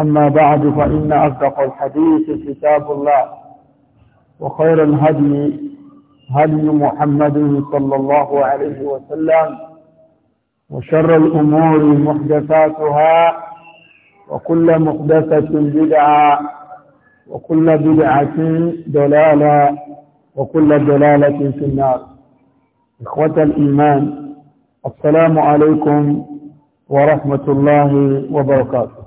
أما بعد فإن أصدق الحديث كتاب الله وخير الهدي هدي محمد صلى الله عليه وسلم وشر الأمور محدثاتها وكل محدثة بدعة وكل بدعة دلالة وكل دلالة في النار إخوة الإيمان السلام عليكم ورحمة الله وبركاته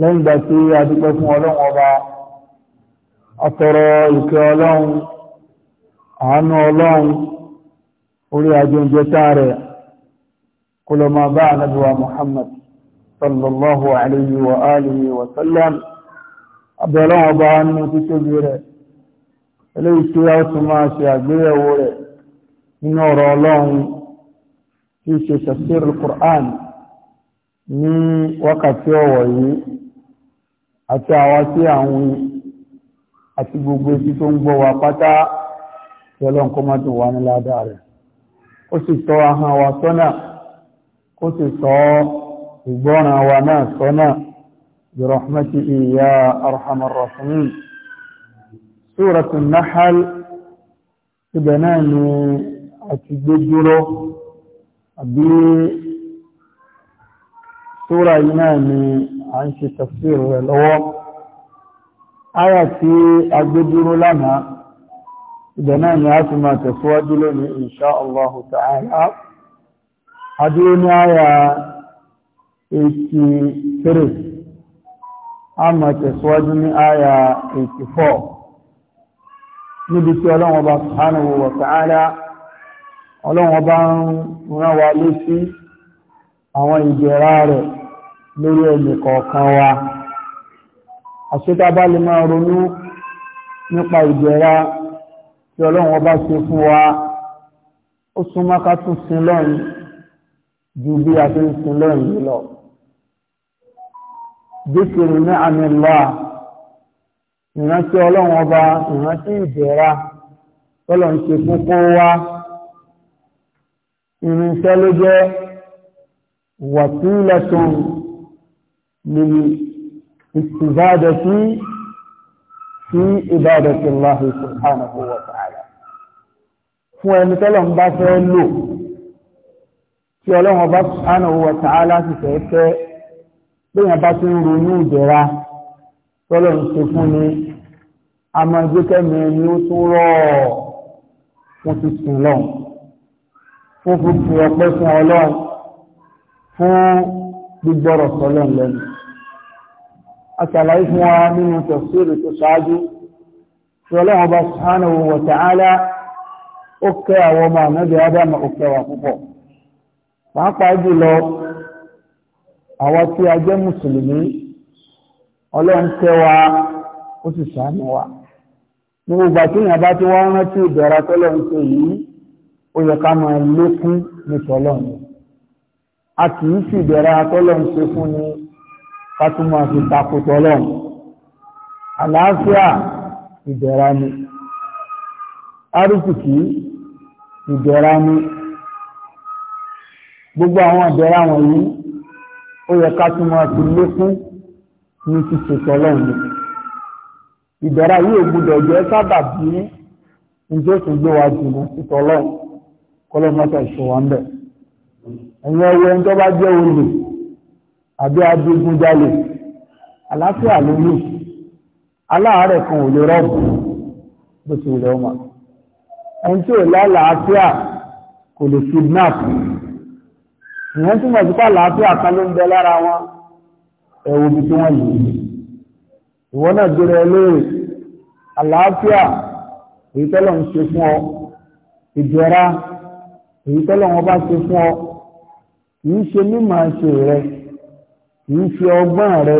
lẹ́yìn ìgbà tí a dúpẹ́ fún ọlọ́run ọba àtọ̀rọ̀ ìkẹ́ ọlọ́run àánú ọlọ́run orí àjọǹjẹta rẹ̀ kó lọ máa bá ànábíwá Muhammad sallallahu alayhi wa alihi wa sallam abẹ́ọlọ́run ọba nínú títóbi rẹ̀ eléyìí tí a tún máa ṣe àgbéyẹ̀wò rẹ̀ nínú ọ̀rọ̀ ọlọ́run tí í ṣe tafsir al-Qur'an ní wákàtí ọ̀wọ̀ yìí àti àwọn tí àwọn àti gbogbo etí tó ń gbọ́ wa pátá yọlọ́n kó má dùn wá ní ládàá rẹ̀ ó sì tọ́ ahọ́n wa sọ́nà ó sì tọ́ ìgbọ́ràn wa náà sọ́nà برحمته يا أرحم الراحمين سورة النحل تبناني أتجدره أبي سورة ينامي à ń ṣe tafsir rẹ̀ lọ́wọ́ áyà tí a gbé dúró lánàá ìgbẹ̀ náà ni a ti máa tẹ̀síwájú lónìí insha Allahu ta'ala adúró ní áyà 83 a máa tẹ̀síwájú ní áyà 84 níbi tí ọlọ́wọ́ bá subhanahu àwọn ìjẹ̀rá rẹ̀ lórí ẹni kọ̀ọ̀kan wa àṣetá bá lè máa ronú nípa ìjẹra tí ọlọ́run ọba ṣe fún wa ó súnmọ́ ká tún sin lọ́run ju bí a ti ń sin lọ́run yìí lọ. Bíkìrì ní àmì lọ́ à ìrántí ọlọ́run ọba ìrántí ìjẹra tọ́lọ̀ ń ṣe fún wá irinṣẹ́ ló jẹ́ wàtúlẹ̀ tó للاستزادة في عبادة الله سبحانه وتعالى fún ẹni tọ́lọ̀ ń bá fẹ́ lò tí ọlọ́run ọba subhanahu wa ta'ala sì fẹ́ fẹ́ léèyàn bá ti ń ronú ìjẹra tọ́lọ̀ fún fún ti ọpẹ́ fún ọlọ́run fún gbígbọ́rọ̀ sọlọ́run lẹ́nu àtàlàyé fún wa nínú tafsiri tó ṣáájú tí ọlọ́run ọba subhanahu wa ta'ala ó kẹ́ àwọn ọmọ ànábì ádámà ó kẹ́ wa púpọ̀ pàápàá jùlọ àwa tí a jẹ́ mùsùlùmí ọlọ́run kẹ́ ó sì ṣàánú wa gbogbo ìgbà bá ti wá rántí ìbẹ̀rẹ̀ atọ́lọ́ ṣe yìí ó yẹ ká máa lékún nítọ́lọ́ ni a kì í sì ìbẹ̀rẹ̀ atọ́lọ́ ṣe fún ni kátúmọ̀ fi takùtọ̀ lọ́n àlàáfíà ìdẹ̀ra ni arúkìkì ìdẹ̀ra ni gbogbo àwọn ìdẹ̀ra wọ̀nyí ó yẹ kátúmọ̀ fi lékún ní ṣíṣètò lọ́n ìdẹ̀ra yìí gbọ́dọ̀ jẹ́ sábàbí njẹ́ tó gbé wa jùlọ kọ́lọ́mọ́tà ìṣòwò ń àbí adigunjalè àlàáfíà ló ní aláàárẹ̀ kan ò lè rọ́ọ̀bù bó ti ilẹ̀ ọmọ ẹni tí ò lálàáfíà kò lè kidnap ìyẹn tí mọ̀ sípà làáfíà kan ló ń bẹ lára wọn ẹ̀wò bí tí wọ́n yìí ìwọ náà gbére ẹlẹ́rìí àlàáfíà èyí tọ́lọ̀ ń ṣe fún ọ ìjọra èyí tọ́lọ̀ wọn bá ṣe fún ọ kì í ṣe mímọ̀ ṣe rẹ̀ kìí ṣe ọgbọ́n rẹ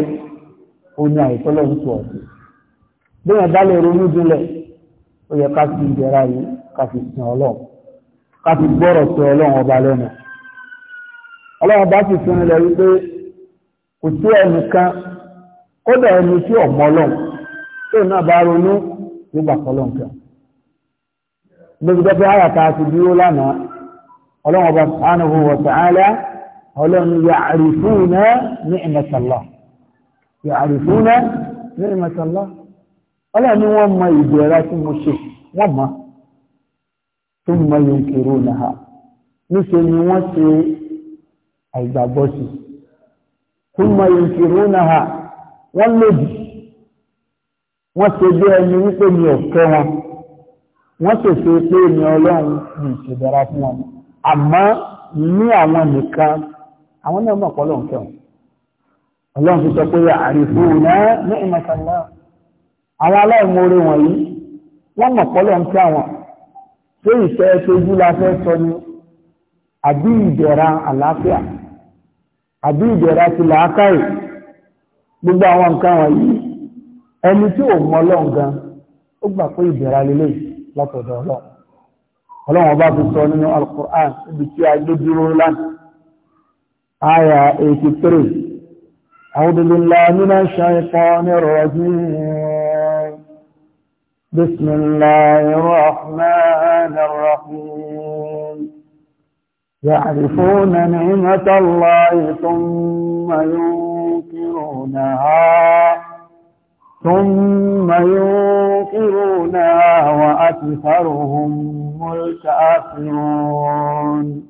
oní àìsọ́lọ́ ń sọ ọ̀sẹ̀ bí wọ́n bá lè ronú jinlẹ̀ ó yẹ ká fi ìjẹra yìí ká fi ọlọ́run ká fi gbọ́rọ̀ sí ọlọ́run ọba lẹ́nu ọlọ́run bá sì fún ilẹ̀ wípé kò sí ẹni ọlọ́run tó bá ronú nígbà kan ọlọ́run ya'rifuna ni'matallah ya'rifuna ni'matallah ọlọ́run ni wọ́n mọ ìbẹ̀rẹ̀ tí mo ṣe ma mọ́ thumma yunkirunaha níṣẹ́ ni wọ́n ṣe àìgbàgbọ́ sí thumma yunkirunaha wọ́n lòdì wọ́n ṣe bí ẹni wọn àwọn nìkan àwọn náà mọ̀ pọ̀ lọ́n kẹ́wọ̀n ọlọ́run ti sọ pé àrífù náà ní ìmọ̀sánná àwọn aláìmoore wọ̀nyí wọ́n mọ̀ pọ̀ lọ́n kẹ́ àwọn ṣé ìfẹ́ ṣojú la fẹ́ sọ ni àbí ìdẹ̀ra àlàáfíà àbí ìdẹ̀ra ti làákàyè gbogbo àwọn nǹkan wọ̀nyí ẹni tí ò mọ̀ lọ́n gan ó gbà pé ìdẹ̀ra lélẹ́yìí látọ̀dọ̀ ọlọ́run ọba fi sọ nínú alukur'an ibi tí a gbé dúró lánàá آية 83 أعوذ بالله من الشيطان الرجيم بسم الله الرحمن الرحيم يعرفون نعمة الله ثم ينكرونها ثم ينكرونها وأكثرهم الكافرون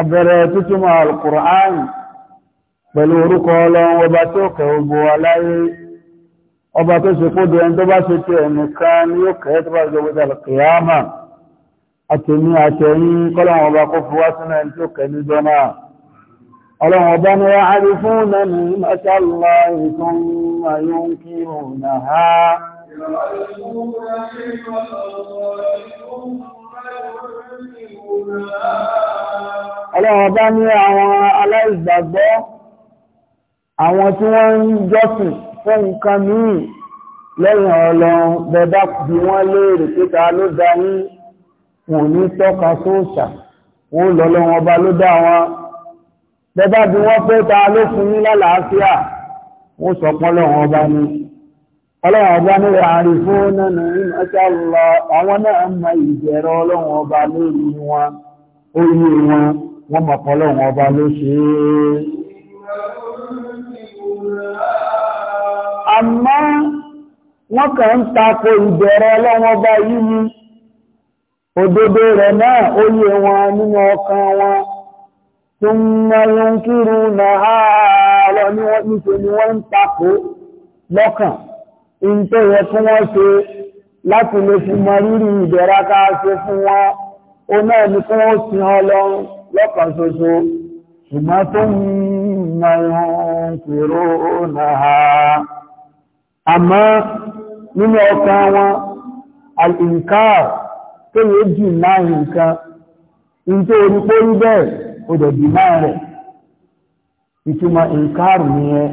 abẹ̀rẹ̀ tútúmọ̀ al-Qur'an pẹ̀lú orúkọ ọlọ́run ọba tí ó kẹ ogbò aláyé ọba tó ṣe kó dẹn tó bá ṣe tí ẹnìkan ni ó kẹ tó bá ṣe gbogbo Ọlọ́run bá ní àwọn aláìgbàgbọ́, àwọn tí wọ́n ń jọ́sìn fún nǹkan míì lẹ́yìn Ọlọ́run bẹ̀dá bí wọ́n léèrè kíta ló dá yín wọn ní tọ́ka sóòṣà, wọ́n lọ́lọ́run ọba ló dá wọn. Bẹ̀dá bí wọ́n pé ló fún ní lálàáfíà, wọ́n sọ pọ́lọ́run ọba ni. ọlọ́ọ̀bá ní àárín fún nánà ìmọ̀ṣá lọ àwọn náà mọ ìbẹ̀rẹ̀ ọlọ́run ọba lórí wọn orí wọn wọ́n ọba ló ṣe é. àmọ́ wọ́n ń tako ìbẹ̀rẹ̀ ọlọ́run ọba yìí ni òdodo rẹ̀ náà ìntọ́ yẹ kí wọ́n ṣe láti lè fi mọ rírì ìdẹ̀ra ká ṣe fún wọn ó náà ní kí wọ́n sin ọlọ́run lọ́kàn ṣoṣo ṣùgbọ́n tó ń mọ ìhun kúrò náà àmọ́ nínú ọkàn wọn àìǹkáà tó yẹ jù náà nǹkan ìntọ́ orí pórí bẹ́ẹ̀ ó dẹ̀ jù náà rẹ̀ ìtumọ̀ ìǹkáà nìyẹn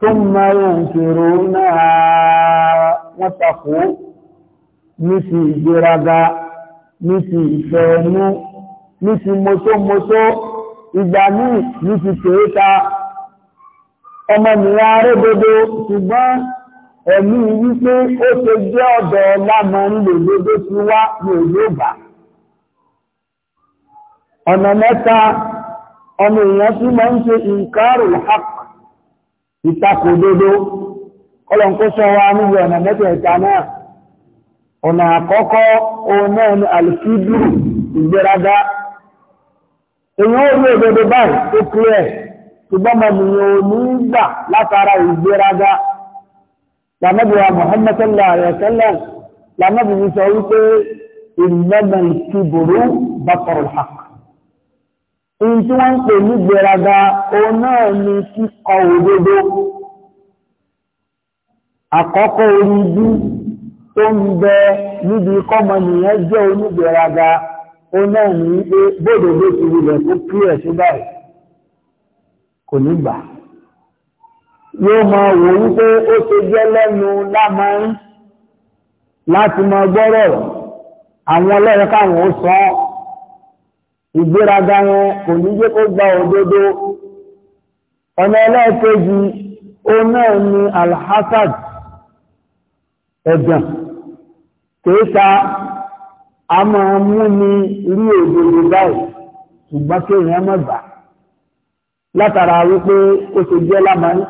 ثم ينكرونها وتقو nísì ìgbéraga nísì ìfẹ̀ẹ́nú nísì mọ́sọ́mọ́sọ́ ìgbà míì nísì kèéta ọmọnìyàn arébodò ṣùgbọ́n ẹ̀mí wípé ó ṣe jẹ́ ọ̀dọ̀ lámọ nílòdòdó ti wá ní òyìnbá ọ̀nà mẹ́ta ọmọ èèyàn tí máa ń ṣe ìkárò hàk ìtakò òdodo ọlọ́nkó sọ wa níbi ọ̀nà mẹ́tẹ̀ẹ̀ta náà ọ̀nà àkọ́kọ́ òun náà ni àlùfíìdù ìgbéraga èèyàn ó rí òdodo báyìí tó clear ṣùgbọ́n mọ̀mìyàn ò ní gbà látara ìgbéraga lànàbíwá Muhammad sallallahu alaihi wa sallam lànàbíwá sọ wípé ìnàmà ìkìbòrò bàtọ̀rọ̀ ohun tí wọ́n ń pè ní gbéraga òun náà ni kíkọ̀ òdodo àkọ́kọ́ orí ibi tó ń bẹ níbi kọ́mọnìyàn jẹ́ òun náà wípé ti tó sí báyìí kò ní gbà yóò máa wò wípé ó ṣe jẹ́ lẹ́nu lámárín láti máa gbọ́rọ̀ àwọn káwọn ó ìgbéraga yẹn kò ní jẹ́ kó gba òdodo ọ̀nà ẹlẹ́ẹ̀kejì òun náà ni alhassad ẹ̀gàn kéèta a máa mú ni rí òdodo báyìí ṣùgbọ́n kéèyàn má gbà látara wípé ó ṣe jẹ́ lámàáyé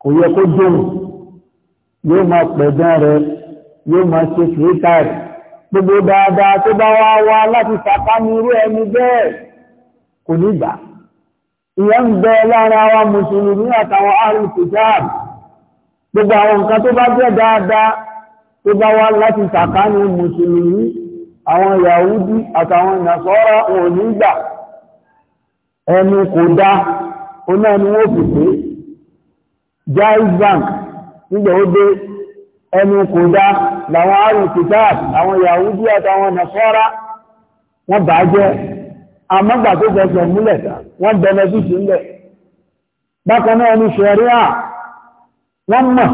kò yẹ kó dùn yóò máa pẹ̀dán rẹ yóò máa ṣe kéèta rẹ̀ gbogbo dáadáa tó bá wá wá láti sàkánú irú ẹni bẹ́ẹ̀ kò ní gbà ìyẹn ń bẹ lára wa mùsùlùmí àtàwọn àrùn kìjáàbù gbogbo àwọn nǹkan tó bá jẹ́ dáadáa tó bá wá láti sàkánú mùsùlùmí ní gbà jaiz bank nígbà ẹnu kò dá làwọn àrùn kìtà àwọn Yahudi àtàwọn nàfọ́ra wọ́n bàá jẹ́ àmọ́gbà tó fẹsẹ̀ múlẹ̀ wọ́n bẹ̀rẹ̀ bí ti ńlẹ̀ bákan náà ní ṣẹ̀ríà wọ́n mọ̀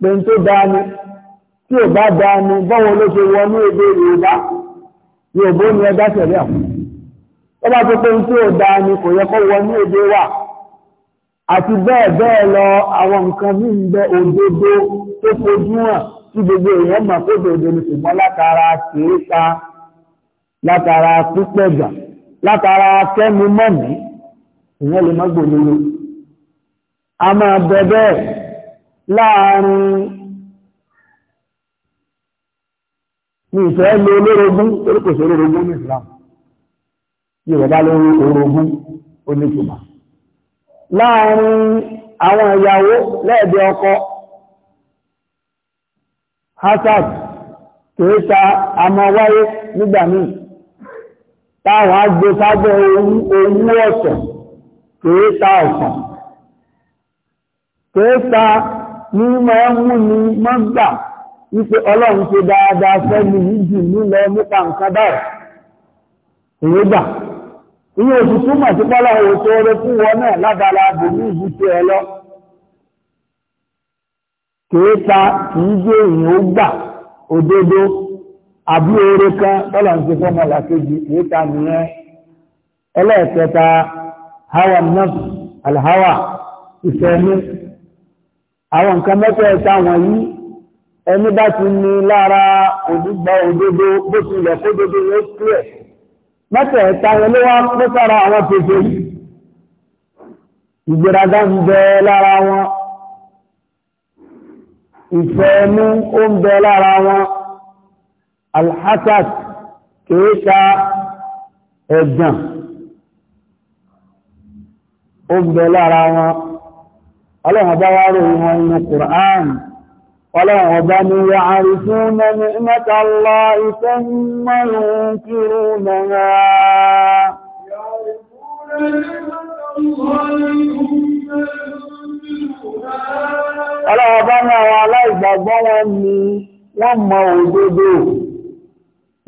pé n tó dáa tí ò bá dáa bọ́wọ́ ló ṣe èdè Yorùbá ni ẹgbẹ́ bá tó wa àti bẹ́ẹ̀ bẹ́ẹ̀ lọ àwọn nǹkan ní ìgbẹ́ òdodo tó fojú hàn tí gbogbo èèyàn mọ̀ pé òdodo ni ṣùgbọ́n látara kìíta látara pípẹ̀gà látara kẹ́mi mọ́mí ìyẹn lè má gbòòlóró a máa bẹ bẹ́ẹ̀ láàrin ní ìfẹ́ lo olórogún torí kò sí olórogún ní Islam Yorùbá ló ń orogún ó láàrin àwọn ìyàwó lẹ́ẹ̀dẹ̀ ọkọ hasad kìí ta àmọ́ wáyé nígbà míì táwọn agbó sábẹ́ owó ọ̀sẹ̀ kìí ta ọ̀sán kìí ta ní mọ́ mú ni gbà wípé ọlọ́run ti dáadáa fẹ́ mi jù nílẹ̀ ìyẹn osisi túmọ̀ sí pọ́lá oṣù oore wọn náà lábala bụ ìbú tí ka lọ kèéta kìí jẹ́ èèyàn ó gbà òdodo àbí oore kan tọ́lá ń ṣe nye làkejì hawa alhawa ẹni bá ti ní lára òdodo bó tilẹ̀ kó dodo yóò mẹ́tẹ̀ẹ̀ta yẹn ló wá pẹ́ àwọn yìí ń bẹ lára wọn ìfẹ́ ẹnu ó ń bẹ lára wọn alhassan kìí ó ń bẹ lára Ọlọ́run ọba ni ya àrùfún mẹ́ni mẹ́ta lọ ìfẹ́ mẹ́rin kírù mẹ́ra. Ọlọ́run ọba ni àwọn aláìgbàgbọ́ wọn ni wọ́n mọ òdodo,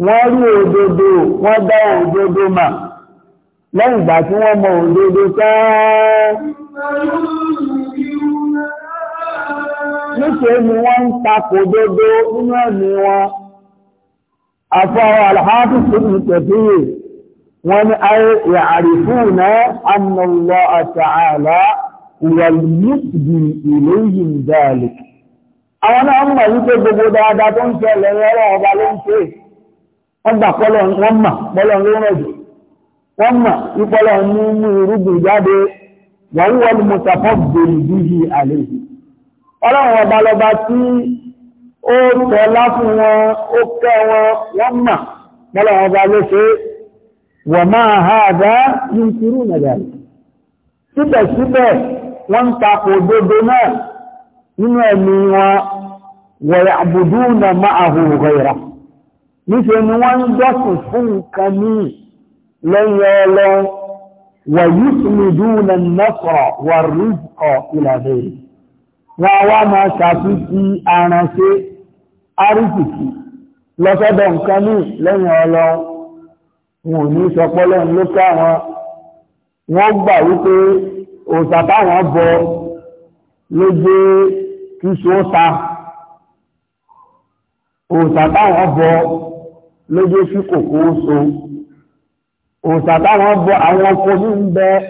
wọ́n rí òdodo, wọ́n dá òdodo mà. Lẹ́yìn ìgbà tí wọ́n mọ òdodo tán níṣẹ́ ni wọ́n ń takò dodo nínú ẹ̀mí wọn afọ́wọ́ alháàtù sínú tẹ̀fíyè wọ́n ni ayé ya'rifuna anna Allaha ta'ala wàlúùsì ilayhim dhalik àwọn náà ń mọ̀ wípé gbogbo dáadáa tó ń ṣẹlẹ̀ ẹ̀rọ ọba ló ń ṣe wọ́n gbà ọlọ́run ọba lọba tí ó tọ́lá fún wọn ó kẹ́ wọn wọ́n mà mọ́lọ́run ọba ló ṣe wọ̀ máa ha àdá yínkirú nàìjíríà síbẹ̀síbẹ̀ wọ́n ń takò òdodo náà nínú ẹ̀mí wọn wọ̀yà àbùdú na máa hùwà ìrà níṣẹ́ ni wọ́n ń jọ́sìn fún nǹkan míì lẹ́yìn ọlọ́ wọ̀yí sùmìdú na nẹ́fọ̀ wà ọ̀ ìlàbẹ̀rẹ̀ wọ́n wá máa ṣàfífí aránṣẹ́ àrísìkí lọ́sọ́dọ̀ nǹkan ní lẹ́yìn ọlọ́run wọn ò ní sọpọ́lọ́ ló káwọn wọ́n gbà wípé òòṣà táwọn bọ ló gbé kíṣu ó ta òòṣà táwọn bọ ló gbé sí so òòṣà táwọn bọ àwọn ọkọ ní ń bẹ́ẹ̀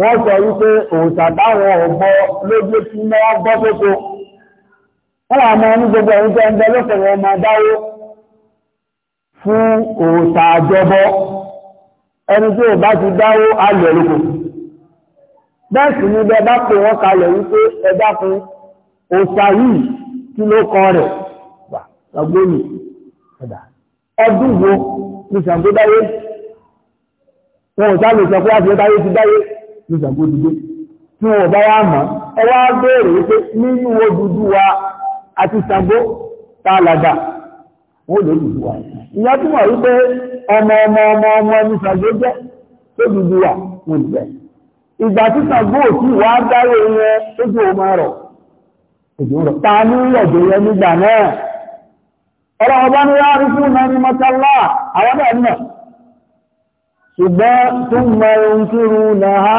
wọ́n sọ wípé òòtà táwọn ọ̀gbọ́ lójú tí wọ́n gbọ́ tókó wọ́n wà máa ní gbogbo ẹ̀yìn tẹ́ ń bẹ lọ́sọ̀rọ̀ ọmọ dáwó fún òòtà àjọbọ ẹni tí ò bá ti dáwó alẹ̀ lóko bẹ́ẹ̀ sì ni bẹ́ẹ̀ bá pè wọ́n kalẹ̀ wípé ẹ dákun òòtà yìí kí ló kọ rẹ̀ ọdún wo ni sàǹgbó dáwó wọn ò sá lè sọ pé àti dáwó ti dáwó ìjàgbódìgbé tí wọ́n bá wá mọ̀ ẹ wá wípé nínú odùdú wa àti Ṣàngó tá a wọ́n lè wa wípé ọmọ ọmọ ọmọ ọmọ ní ṣùgbọ́n tó mọ ohun tí rú náà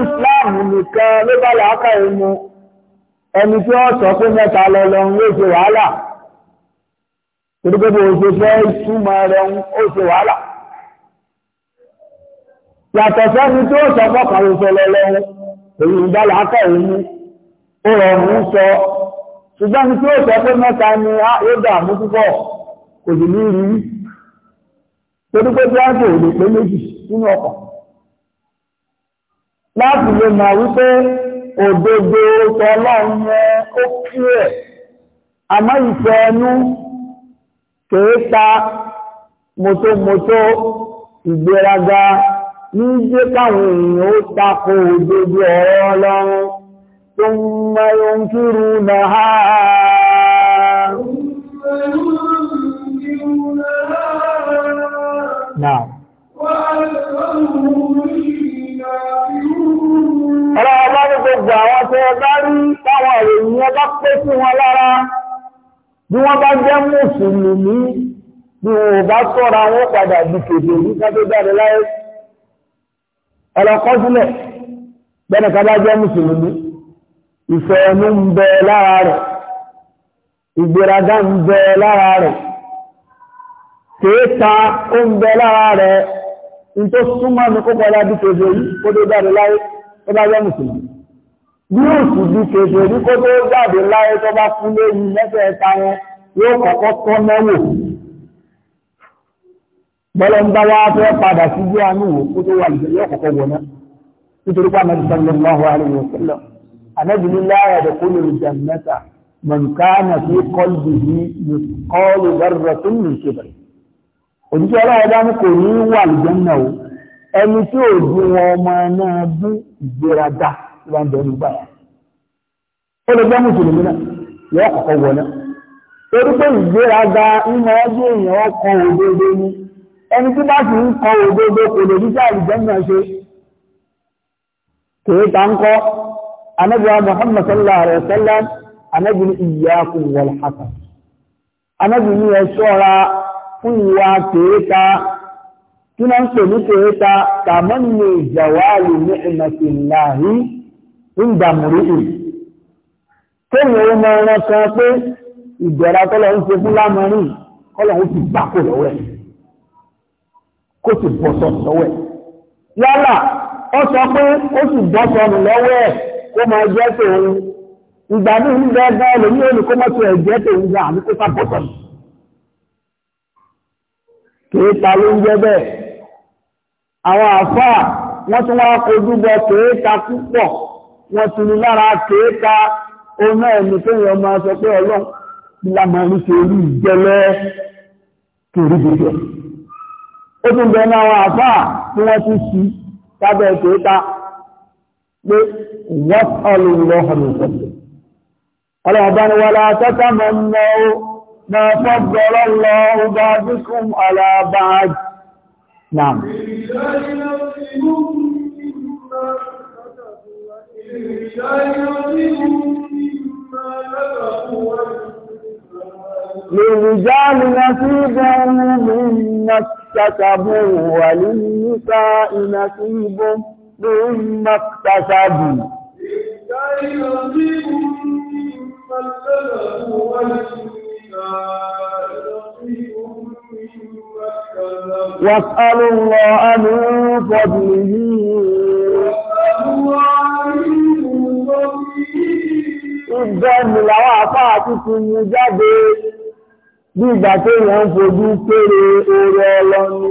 Islam nìkan ló bá làákà ìmú ẹni tí ó sọ pé mẹ́ta lọ́lọ́run ló ṣe wàhálà gbogbo òṣè fẹ́ túmọ̀ rẹ̀ ó ṣe wàhálà yàtọ̀ sẹ́ni tí ó sọ fọ́kànlọ́sọ lọ́lọ́run èyí ń bá làákà ìmú ó rọrùn sọ ṣùgbọ́n ní tí ó sọ pé mẹ́ta ni yóò dààmú púpọ̀ kò sì ní rí rí torí pé bí áńtò ò lè pé méjì nínú ọkọ̀ láti lè mọ̀ wípé òdodo sọ ọlọ́run yẹn ó kí ẹ̀ àmọ́ ìfẹ́ ẹnu kèé ta mọ́tòmọ́tò ìgbéraga ní jẹ́ káwọn èèyàn ó tako òdodo ọ̀rọ̀ ọlọ́run ثم ينكرونها نعم Ọlá ọba ní gbogbo àwọn tó ọba rí táwọn ìròyìn ọba pé sí wọn lára bí wọ́n bá jẹ́ mùsùlùmí bí wọ́n bá sọ́ra wọn padà di kèdè ní ká láyé. Ọlọ́kọ́ sílẹ̀, bẹ́ẹ̀ ni ká bá jẹ́ mùsùlùmí ìfẹ́ ẹnu ń bẹ lára rẹ̀ ìgbéraga ń bẹ lára rẹ̀ kéèta ó ń bẹ lára rẹ̀ in tó súnmọ́ ní kópa lábí kèfè yìí kó tó jáde láyé tó bá jẹ́ mùsùlùmí bí ó sì bí kèfè yìí kó tó jáde láyé tó bá fún lóyún lẹ́sẹ̀ ẹ̀ta wọn yóò kọ́kọ́ tọ́ mẹ́wò bọ́lá ń bá wá fẹ́ padà sí bí àánú wò kó tó wà lùdẹ̀ yóò kọ́kọ́ wọ̀ náà nítorí pé àmọ́ Ànábì ní láyà da kó lórí jannata man kana fi qalbihi mithqalu dharratin min kibr. Òjíṣẹ́ Ọlọ́run bá ní kò ní wà aljanna o. Ẹni tí ò di wọn ọmọ náà bú ìgbéraga tí wọ́n bẹ̀rù gbà. Ó lè gbọ́ Mùsùlùmí náà, yóò kọ̀kọ́ anabiwa muhammad sallallahu alaihi wasallam anabi ni iyakun wal hasan anabi ni ẹ ṣọ́ra fún ìwà tèéta kí náà ń pè ní tèéta tàmánì jawali ni'matillahi inda muri'in kéèyàn ó mọ ẹran kan pé ìjọra tọ́lọ̀ ń ṣe fún lámọ́rin kọ́lọ̀ ó ti gbà kó lọ́wọ́ ẹ̀ kó sì bọ́ sọ̀rọ̀ lọ́wọ́ ẹ̀ yálà ó sọ pé ó sì bọ́ sọ̀rọ̀ lọ́wọ́ ẹ̀ kó máa jẹ́ tòun ìgbà ní ìlú gẹ́gẹ́ lórí òní kó mọ́ tó ẹ̀ jẹ́ tòun gbà àbí kó sá bọ̀tọ̀ mi. kìí ta ló ń jẹ́ bẹ́ẹ̀ àwọn àfáà wọ́n tún wá kojú bọ kìí ta púpọ̀ wọ́n ti ní lára kìí ta ohun náà ní máa sọ pé ọlọ́run ìlànà oríṣi orí ìjẹlẹ kìí gbèsè ó tún bẹ ní àwọn àfáà tí wọ́n ti sí sábẹ́ kìí وَاسْأَلُوا اللَّهَ مِنْ فَضْلِهِ أَلَا وَلَا تَتَمَنَّوْا مَا فَضَّلَ اللَّهُ بَعْضَكُمْ عَلَى بَعْضٍ نعم لرجال نصيب مما اكتسبوا وللنساء نصيب مما مما اكتسبوا واسألوا الله من فضله Ìgbẹ́ni làwọn àfáà tuntun mú jáde bí ìgbà tó wọ́n fojú kéré oore ọlọ́ni.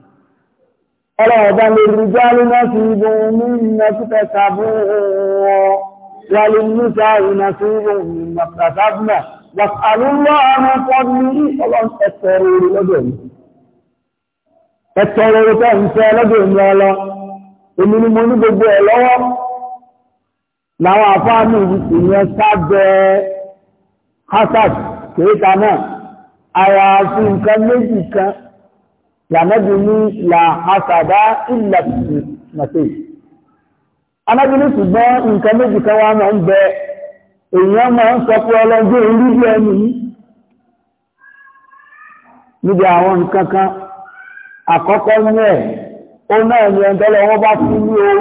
ọlọ́ọ̀bá lè rí járí náà sí ibo ní iná títẹ̀ tàbí wọn wà lè ní sáàrínà sí ibo ìmọ̀ tàbí wàtàlúwà àwọn fọ́dún ní ọlọ́run ẹ̀tẹ̀rẹ̀ orí lọ́dọ̀ mi ẹ̀tẹ̀rẹ̀ orí tẹ́ èmi ni mo ní gbogbo ẹ̀ lọ́wọ́ làwọn àfáàmì ìyẹn sábẹ́ hasad kéèta náà àyàfi nǹkan méjì kan lànàbí ní làhásàdá la nàfẹ́ anábí ní ṣùgbọ́n nǹkan méjì kan wá máa ń ọ èèyàn máa ń sọ pé ọlọ́jọ́ orí bí ẹni níbi àwọn nǹkan kan àkọ́kọ́ ní ẹ̀ ó náà ní ẹ̀ńtọ́lọ́ wọ́n bá fún ní na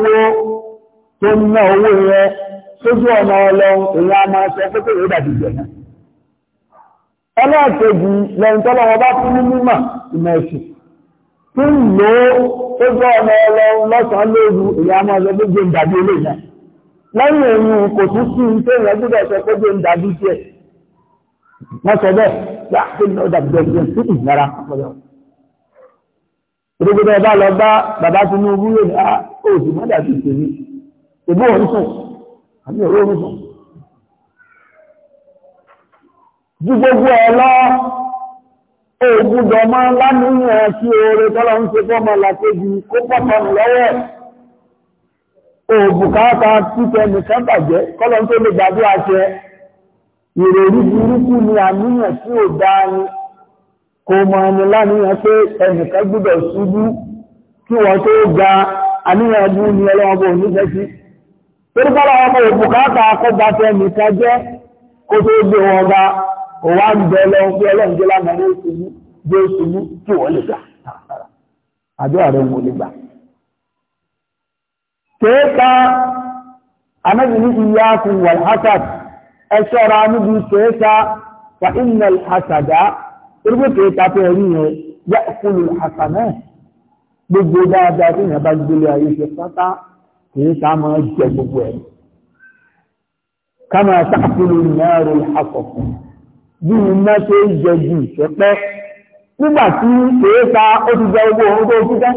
lẹ́yìn tọ́lọ́wọ́ bá fún tí ń lò ó tó jọ ọ̀nà ọlọ́run lọ́sàn-án lóru ìyá máa sọ pé jẹ́ ń dàbí eléyìí náà lẹ́yìn ẹ̀yìn kò tún sí i tó yẹn gbúdọ̀ sọ pé jẹ́ ń dàbí tiẹ̀ wọ́n sọ jẹ́ ògùdọ̀ máa lánúyàn sí oore tọ́lọ ń ṣe fọ́mọ làkejì kó pọ̀tàn lọ́wọ́ òbùkátà títẹ nìkan bàjẹ́ kọ́lọ tó lè gbàdú àṣẹ ìròrí burúkú ni àníyàn sí òdá ni kò mọ̀ ẹni lánúyàn pé ẹnìkan gbúdọ̀ ṣubú kí wọ́n tó ga àníyàn bú ni ọlọ́wọ́ bò nífẹ̀ẹ́ sí torí kọ́lọ́ ọmọ òbùkátà akọ́gbàtẹ nìkan jẹ́ kó tó gbé wọn ga ó wá ń bẹ lọ́wọ́ pé ọlọ́run jẹ́ lánàá ní ìṣubú bí ó ṣubú tí wọ́n lè gbà àdúrà rẹ̀ wọ́n lè gbà. kéèkà anábì ní ìyá kun wàlhásàd ẹ ṣọ́ra níbi kéèkà fa iná hasàdá irúgbó kéèkà tó rí yẹn yá kúlù hasanẹ́ gbogbo dáadáa tí ìyẹn gbélé ayé ṣe pátá kéèkà máa jẹ gbogbo ẹ̀ kama ta'kulu an-naru al-hasaf bí iná ṣe ń jẹ ju ìṣẹ́pẹ́ nígbà tí kèéta ó ti jẹ gbogbo ohun tó fúkẹ́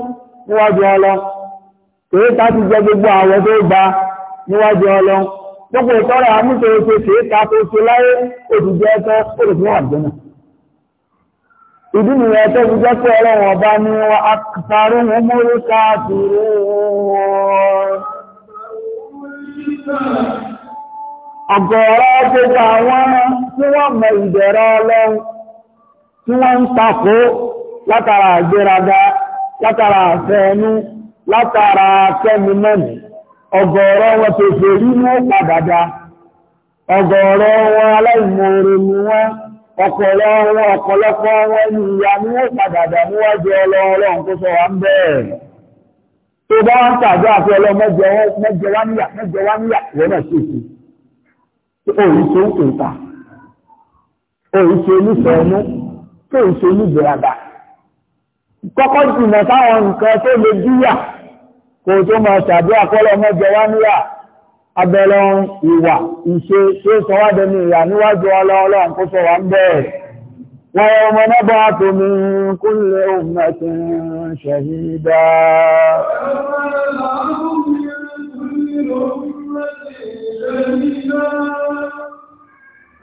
níwájú ọlọ kèéta ti jẹ gbogbo àwọn tó gba níwájú ọlọ gbogbo ìtọ́rọ amúṣòro ṣe kèéta tó ṣe láyé ó ti jẹ ẹ̀tọ́ ó lè fún àjẹmọ ìdí nìyẹn tó fi jẹ́ pé ọlọ́run ọba ní wọn akàrú wọn mórí káàkiri wọn. ọ̀gọ̀ọ̀rọ̀ gbogbo àwọn tí wọ́n mọ ìdẹ̀rọ ọlọ́run tí wọ́n ń takò látara àgbéraga látara àfẹ́ẹnú látara kẹ́mimẹ́mì ọ̀gọ̀ọ̀rọ̀ wọn tètè rí mú pàdàdà ọ̀gọ̀ọ̀rọ̀ wọn aláìmoore ni wọ́n ọ̀pọ̀lọ́ wọn ọ̀pọ̀lọpọ̀ wọn ni ìyá ni wọ́n pàdàdà níwájú ọlọ́run tó sọ wá ń bẹ́ẹ̀ tó bá wọn tàbí òun ṣe ń kìntà òun ṣe onífẹ́ ọmú tó ń ṣe oníbẹ̀rẹ̀dà kọ́kọ́ jùlọ sáwọn nǹkan tó lè díyà kò tó máa ṣàbí àkọ́lọ́ ọmọjọ wá níyà abẹ́lẹ́ ìwà ìṣe tó sọ wá dẹnu ìyà níwájú ọlọ́ọ̀lọ́ kó sọ wá ń bẹ́ẹ̀ wọ́n ọmọ náà bá tó mi kún lé òun àti ṣẹ̀yìndà. Thank you.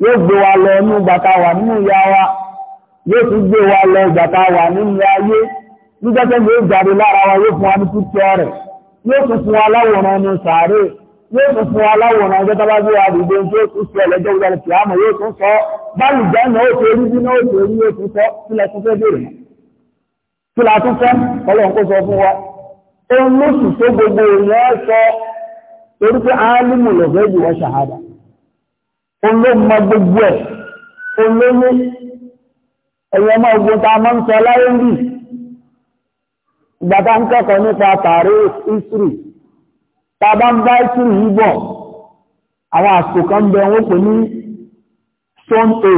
yóò gbé wa lọ ní gbàtà wà nínú ìyá wa yóò tún gbé wa lọ gbàtà wà nínú ayé nígbàtà yóò jáde lára wa yóò fún wa ní yóò tún fún wa láwòrán ní sàárè yóò tún fún wa láwòrán bá gbé wa dìde tó tún sọ báyìí ó ti rí ó ti rí yóò tún sọ tún olóòmọ gbogbo ẹ̀ olóyè ẹ̀yẹ máa gbogbo tá a máa ń sọ láyé ń bì ìgbà tá a ń kẹ́kọ̀ọ́ nípa tààrí history tá a bá ń bá history yìí bọ̀ àwọn àsìkò ń bẹ wọ́n pè ní stone age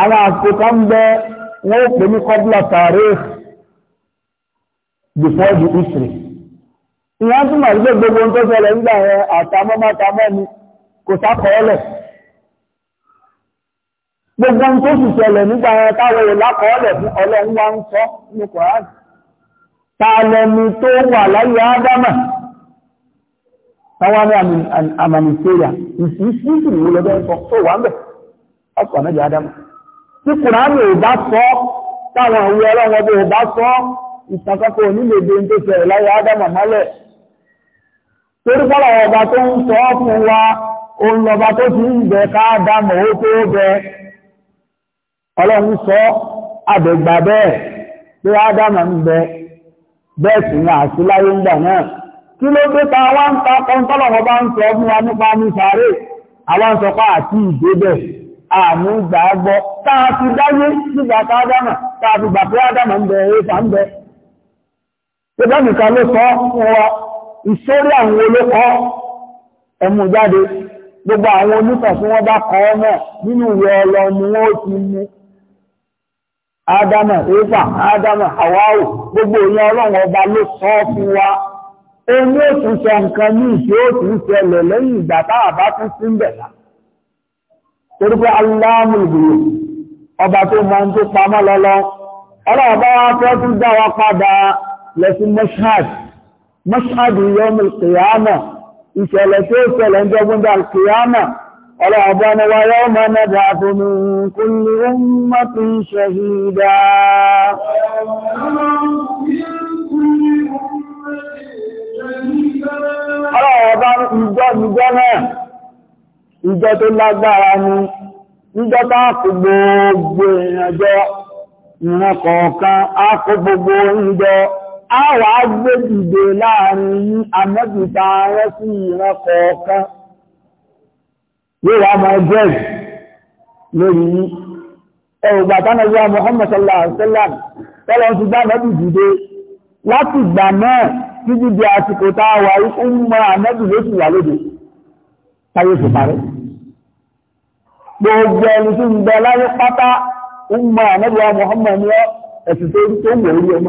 àwọn àsìkò ń bẹ wọ́n pè ní kọ́bùlà tààrí before the history ìyẹn túmọ̀ sí pé gbogbo ohun tó ṣẹlẹ̀ nígbà yẹn àtàmọ́mọ́tàmọ́ ni kò sákọọ́lẹ̀ gbogbo ohun tó sì ṣẹlẹ̀ nígbà yẹn táwọn èèyàn lákọọ́lẹ̀ fún ọlọ́run wá ń sọ ní Quran ta lẹni tó wà láyé ádámà táwọn ní àmàmìsẹ́yà ìsìsìsì ìwé lọ́dọ̀ sọ tó wà ń bẹ̀ ọkọ̀ náà jẹ́ ádámà tí Quran ò bá sọ táwọn ìwé ọlọ́run ọdún ò bá sọ ìtàkọ́kọ́ onílẹ̀-èdè tó ṣẹlẹ̀ láyé ádámà mọ́lẹ̀ torí pọ́lọ̀ ọba tó ń sọ fún wa òun lọba tó ti ń bẹ ká dámọ̀ ó tó bẹ ọlọ́run sọ àbẹ̀gbà bẹ́ẹ̀ pé ádámà ń bẹ bẹ́ẹ̀ sì ní àti láyé ń gbà náà kí ló dé ta wá ń ta kan tọ́lọ̀ ọba ń sọ fún wa nípa ní sáré àwọn sọ àti ìdébẹ̀ àmì ìgbà gbọ́ tá a ti dáyé nígbà tá ádámà tá a ti gbà pé ádámà ń bẹ èèfà ń bẹ ìbánikà ló sọ fún wa ìṣeré àwọn olókọ́ ẹ̀mú jáde gbogbo àwọn onítàn tí wọ́n bá kọ́ náà nínú ìwé ọlọ ni wọ́n ti mú ọba ló wa Onye otu nǹkan ní ìṣe òtún lẹ́yìn ìgbà a tún sí ńbẹ̀lá torí pé aláàmù ọba tó máa ń tó pamọ́ lọ́lọ́ bá wá fẹ́ tún dá wa padà مصعد يوم القيامة إن شاء الله توصل عند يوم القيامة ألا أبانا ويوم نبعث من كل أمة شهيدا ألا أبانا إجاد جانا إجاد الله دعاني إجاد أقبوب جانا جانا نقوكا أقبوب جانا a wà á gbé dìde láàrin yí amẹ́bìta rẹ́ sí ìran kọ̀ọ̀kan yóò wá mọ ẹgbẹ́ lórí yí ẹ̀rùgbà tánàwà Muhammad sallallahu alaihi wasallam tọ́lọ́ ti gbá mẹ́bì dìde láti ìgbà náà títí di àsìkò tá a wà ikú mọ àmẹ́bì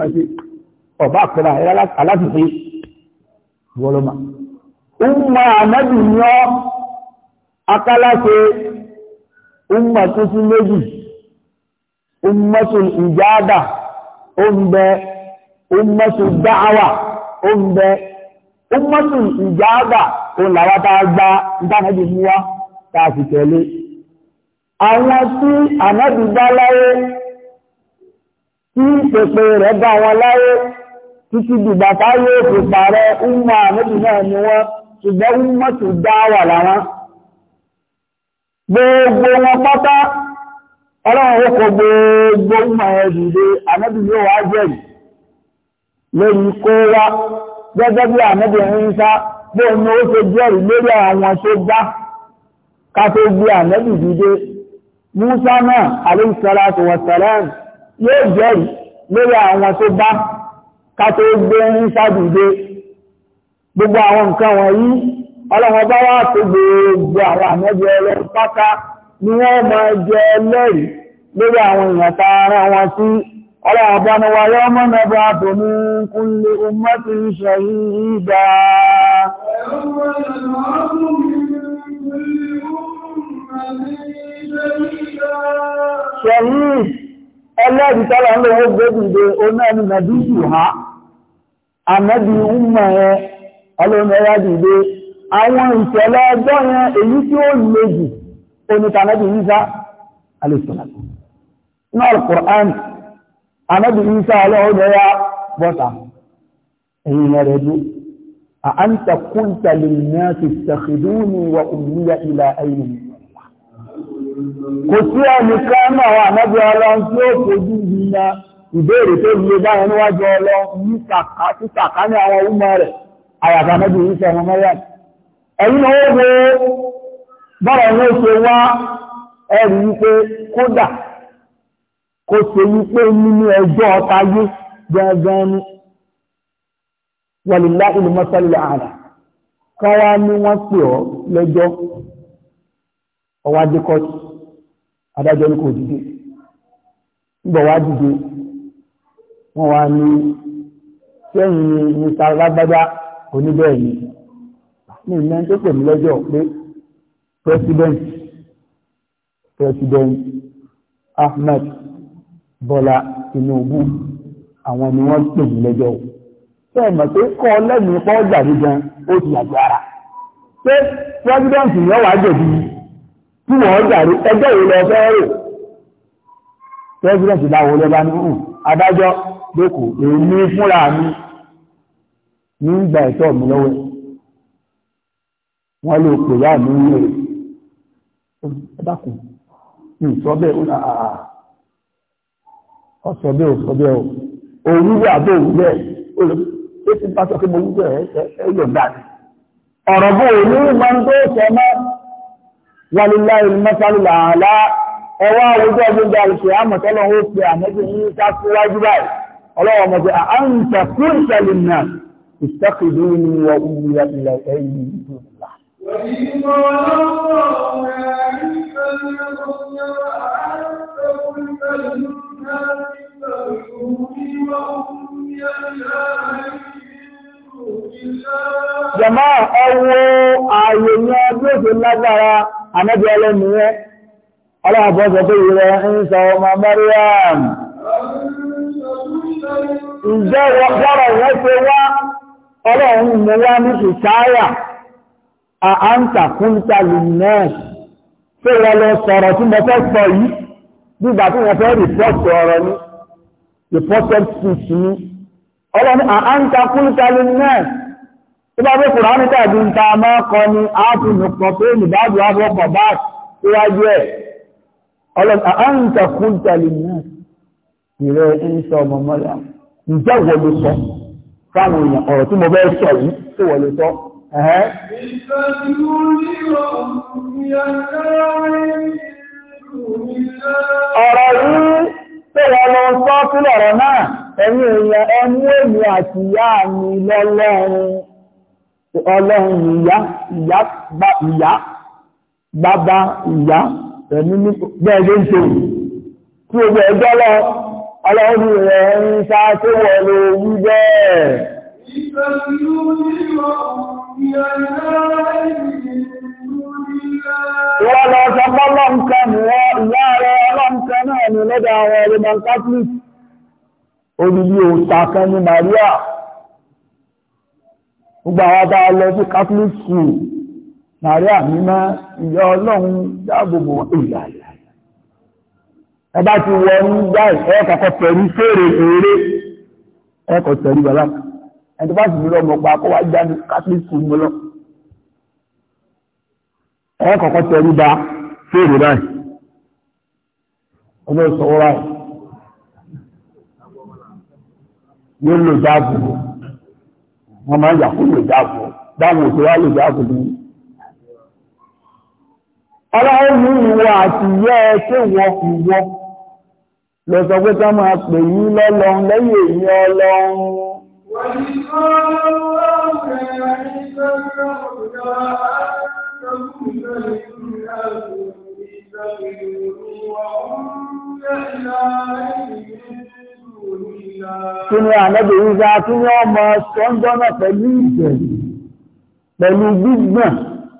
ló ọba àpẹẹrẹ alátìsí wọlọ́mà umma amadu ní ọ akálàṣe umma tuntun méjì ummatul ijada ó ń bẹ ummatul da'wa ó ń bẹ ummatul ijada ó ń làwá tá a gba ìdánẹ́bí mú wá tá tẹ̀lé àwọn tí ànábì bá láyé tí pèpè rẹ̀ bá wọn láyé títí dìgbà táyé òfin pààrẹ ọmọ àmọ́bì náà ni wọ́n ṣùgbọ́n wọ́n ti dá wà láwọn gbogbo wọn pátá ọlọ́run ó kọ gbogbo ọmọ ẹ̀dìdè àmọ́bì yóò wá jẹ́rì lórí kó wá gẹ́gẹ́ bí àmọ́bì ń sá bó ní ó ṣe jẹ́rì lórí àwọn tó dá ká tó gbé àmọ́bì dìde Musa náà alayhi salatu wa salam yóò jẹ́rì lórí àwọn tó dá ká tó gbé ní sádùúgbé gbogbo àwọn nǹkan wọ̀nyí ọlọ́run bá wá tó gbogbo àwọn àmọ́jọ ọlọ́run pátá ni wọ́n máa jẹ lẹ́rìí lórí àwọn èèyàn ta ara wọn sí ọlọ́run bá ní wa yọ́ mọ́nà bá kúnlé ọmọ tí ṣẹ̀yìn ẹlẹ́rìí tọ́lá ń lówó gbé dìde onáà ni nàbí ànábì ń mọ̀ ẹ ọlọ́run ẹ̀yà dìde àwọn ìṣẹ̀lẹ̀ ọjọ́ yẹn èyí tí ó le jù oníta ànábì Ìsá alẹ́sọ̀lá ní alukur'an ànábì Ìsá ọlọ́run ẹ̀yà bọ́ta للناس اتخذوني وأمي إلى أين kò sí ẹnìkan náà wà náà ìbéèrè tó lè báyẹn níwájú ọlọ ní ní àwọn ọmọ rẹ̀ àyàfà mẹ́bí yìí sọ̀rọ̀ mẹ́rẹ̀ ẹ̀yìn owó wo bọ́rọ̀ ọmọ ó wá ẹ̀rù wípé kódà ṣe wípé nínú ẹjọ́ wọ́n wá ní sẹ́yìn mr ní tó pè mí lọ́jọ́ pé president president Ahmed Bọ́lá Tinubu àwọn ni wọ́n pè mí lọ́jọ́ ṣe mọ̀ tó kọ́ lẹ́nu jàrí gan ó ti yàgbé yóò wá jẹ̀bi tí wọ́n ẹgbẹ́ fẹ́ rò president lóko èmi fúnra mi ní ìgbà ẹ̀tọ́ mi lọ́wọ́ wọ́n lè pè yá mi ní ẹ̀rẹ̀ ẹ̀dàkùn ní ìsọ́bẹ̀ ó náà ọ̀sọ̀bẹ̀ òsọ̀bẹ̀ ò òwúrẹ̀ àbẹ̀ òwúrẹ̀ ó ti bá sọ pé mo wúrẹ̀ ẹ̀yọ̀dá ọ̀rọ̀ bó ní ìmọ̀ tó sọ mọ́ wàlúlá ìmọ̀sálùlà àlá ẹwà àwùjọ gbogbo àlùkò àmọ̀tọ́lọ́ ó pe àmọ́tò yìí ká síwájú báyìí ọlọ́wọ́ ọmọ pé àǹtà kúrìsàlì náà ìṣàkìlú ni wọ́n ń yà ilẹ̀ ẹ̀yìn ìjọba. Jẹ̀má ọwọ́ ààyè ní ọdún òfin lágbára àmẹ́bí ọlọ́mìnirẹ́, ọlọ́wọ́ bọ́ sọ pé ìrẹ̀ ń sọ ọmọ Mẹ́ríàmù ìjọ́rọ̀ rẹ̀ pé wá ọlọ́run mú wá ní ìṣáyà àáńtà kúńtà lùmẹ́ẹ̀sì tó wọ́n lọ sọ̀rọ̀ tí mo fẹ́ sọ yìí nígbà tí wọ́n fẹ́ rìpọ́tù ọ̀rọ̀ ní reported speech ní ọlọ́run àáńtà kúńtà lùmẹ́ẹ̀sì tó bá bókù rán níta ìdí nta máa kọ ní áàfin kan pé nìbájú ìrẹ́ ń ọmọ mọ́lá ǹjẹ́ wọ́n ló sọ fáwọn èèyàn ọ̀rọ̀ tí mo fẹ́ sọ yìí tí wọ́n ló sọ ẹ̀hẹ́ ọ̀rọ̀ yìí tí wọ́n lọ sọ sí lọ̀rọ̀ náà ẹ̀mí èèyàn ẹmú èmi àti ìyá mi lọ́lọ́run ìyá bàbá ìyá ẹ̀mí ní bẹ́ẹ̀ ló tí ó gbẹ̀ẹ́gbẹ́ lọ ọlọ́run rẹ̀ ń sá tó wọ̀ ló wí bẹ́ẹ̀. Wọ́n lọ sọ pọ́ lọ́nkẹ́ mọ́ ìyá rẹ̀ ọlọ́nkẹ́ náà ni lọ́dọ̀ àwọn Roman Catholic. Olùlé òta kan ní Maria. Gbogbo àwọn bá lọ sí Catholic school. Maria mímọ́ ìyá ọlọ́run dáàbòbò ìyàlẹ̀ ẹbá ti wọ ní báyìí ẹ kọ́kọ́ tẹ̀rí fèrè èrè ẹ kọ́ tẹ̀rí bàbá ẹni tó bá sì nílò ọmọ pa kó wá já ní catholic school mú lọ ẹ kọ́kọ́ tẹ̀rí bá fèrè báyìí ọmọ ìsọwọ́ báyìí yóò lò dáàbò wọn máa ń yà kó lò dáàbò dáàbò tó wá ọlọ́run ìwọ àti yẹ́ ẹ tí wọ ìwọ lọ sọ pé ká máa pè yí lọ́lọ́run lẹ́yìn èyí ọlọ́run Kí ni ànẹ́bì ìrìnà tí wọ́n mọ ṣọ́njọ́nà pẹ̀lú ìjẹ̀ pẹ̀lú gbígbọ̀n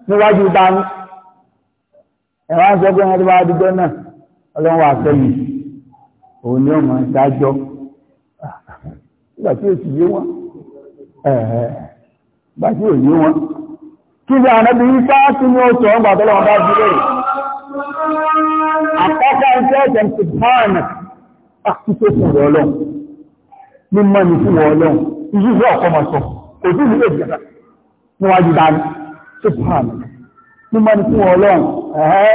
níwájú dání? ẹ̀wà ń sọ pé wọ́n ti bá dúdọ́ náà ọlọ́run wà sẹ́yìn òun ni ọmọ dájọ́ nígbà tí òsì yé wọn nígbà tí òyé wọn kí ni ànábi yíká tí ni ó sọ ọgbà tó lọ́wọ́ bá dúró rẹ̀ àkọ́kọ́ ń tẹ́ ẹ̀jẹ̀ ti pọ́n àkútó ah, fún wọ́n lọ́wọ́ ní mọ́ni fún wọ́n lọ́wọ́ ìyíwọ́ ọ̀kọ́ ní mọ́ni fún ọlọ́run ẹ̀hẹ́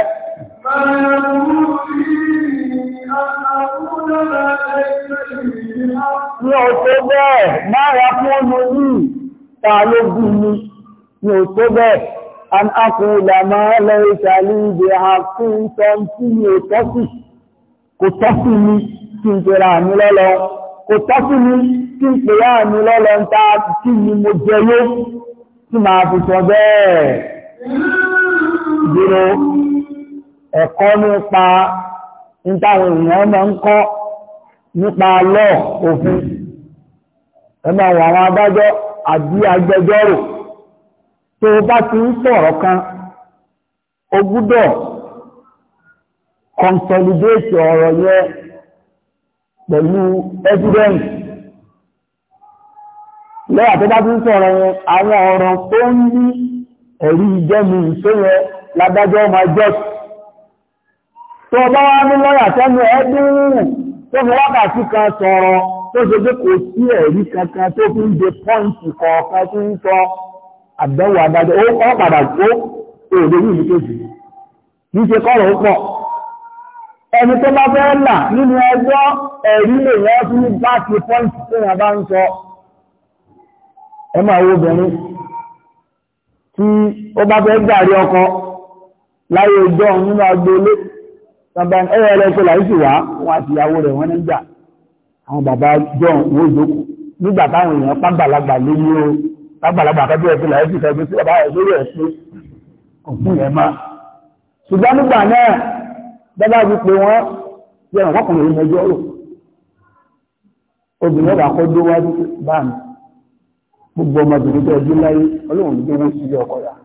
ní ọ̀tọ́ bẹ́ẹ̀ mára fún ọmọ yìí ta ló gùn ní ní ọ̀tọ́ bẹ́ẹ̀ an akùnlà máa lẹ́yìn ìṣàlẹ̀ ìdè àkún tọ́m tí ní ọ̀tọ́sì kò tọ́sì ní kí n pèrà ní lọ́lọ́ kò tọ́sì ní kí n pèrà ní lọ́lọ́ ń ta kí ni mo jẹ yó tí máa fi sọ bẹ́ẹ̀ dúró ẹ̀kọ́ nípa nítawọ̀ èèyàn máa ń kọ́ nípa lọ́ òfin ẹ àwọn adájọ́ àbí agbẹjọ́rò tó bá ti ń sọ̀rọ̀ kan o gúdọ̀ consolidate ọ̀rọ̀ yẹn pẹ̀lú evidence lẹ́yà tó bá ti ń sọ̀rọ̀ yẹn àwọn ọ̀rọ̀ tó ń ládájọ́ ọmọ ẹjọ́ tó bá wá ní lọ́yà tẹ́nu ẹ̀ẹ́dúnrún tó fi wákàtí kan sọ̀rọ̀ tó ṣe pé kò sí ẹ̀rí kankan tó fi ń de pọ́ǹtì kọ̀ọ̀kan tó ń sọ àbẹ̀wò adájọ́ ó kọ́ padà tó èrè yìí nítòsí kì í ṣe kọ́rọ̀ ó pọ̀ ẹni tó bá fẹ́ là nínú ẹjọ́ ẹ̀rí lè yẹ fún bá ti pọ́ǹtì tó yàn bá ń sọ ẹ máa wo obìnrin tí ó bá fẹ́ gbàrí ọkọ láyé ọjọ́ nínú agboolé tàbí ẹ̀rọ ẹlẹ́kọ́ láì sì wá wọn àti ìyàwó rẹ̀ wọ́n ní jà àwọn bàbá john wó ìjókòó nígbà táwọn èèyàn pàgbàlagbà lórí o pàgbàlagbà kẹ́kẹ́ ẹ̀kọ́ láì sì kẹ́kẹ́ sí bàbá rẹ̀ lórí ẹ̀ pé òfin rẹ̀ máa ṣùgbọ́n nígbà náà bàbá fi pé wọ́n yẹ ẹ̀rọ ọkùnrin yìí mẹjọ rò obìnrin bá kọ́ dó wájú bá mi gbogbo ọmọbìnrin tó ẹjú láyé ọlọ́run gbé wọ́n sí ọkọ̀ yàrá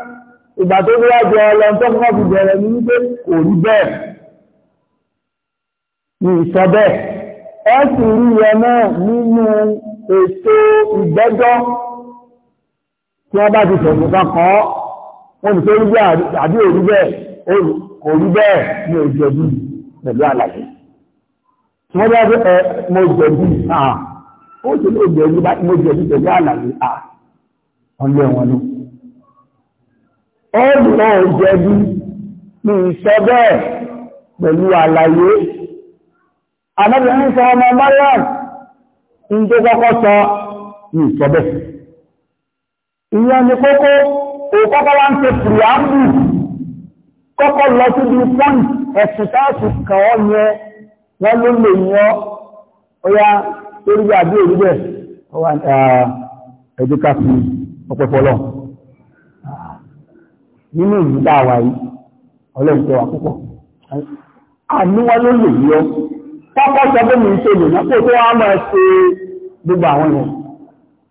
ìgbà tó bí wájú ọlọ́run tó kọ́ fi bẹ̀rẹ̀ ní wípé kò rí bẹ́ẹ̀ ní ìsọ bẹ́ẹ̀ ẹ sì rí yẹn náà nínú ètò ìgbẹ́jọ́ tí wọ́n bá ti sọ̀rọ̀ kan kọ́ wọn ní sórí bẹ́ẹ̀ àbí òrí bẹ́ẹ̀ kò rí bẹ́ẹ̀ ní òjẹ̀bí pẹ̀lú àlàyé tí wọ́n bá rí ẹ mo jẹ̀bí à ó sì lè jẹ̀bí mo jẹ̀bí pẹ̀lú àlàyé à wọn lóko ọ́ọ̀lù náà jẹ̀bi ní ìsọ bẹ́ẹ̀ pẹ̀lú àlàyé anábìnrin sọ ọmọ mariam ń tó kọ́kọ́ sọ ní ìsọ bẹ́ẹ̀ ìyẹn ni kókó òkọ́kọ́ wá ń ṣe pìrìámbù kọ́kọ́ lọ sí bí pọ́ǹtì ẹ̀sùn táàsù kàn ọ́ yẹn wọ́n ló lè yan ó yá lórí àbí òrí bẹ́ẹ̀ ah, ẹ̀dùkà fún ọpẹ́fọ́ nínú ìlú dáwà yìí ọlọ́run tẹwà púpọ̀ àníwá ló lè yọ pápá sọ pé mi ń ṣe lèyàn pé tó wá máa ṣe gbogbo àwọn yẹn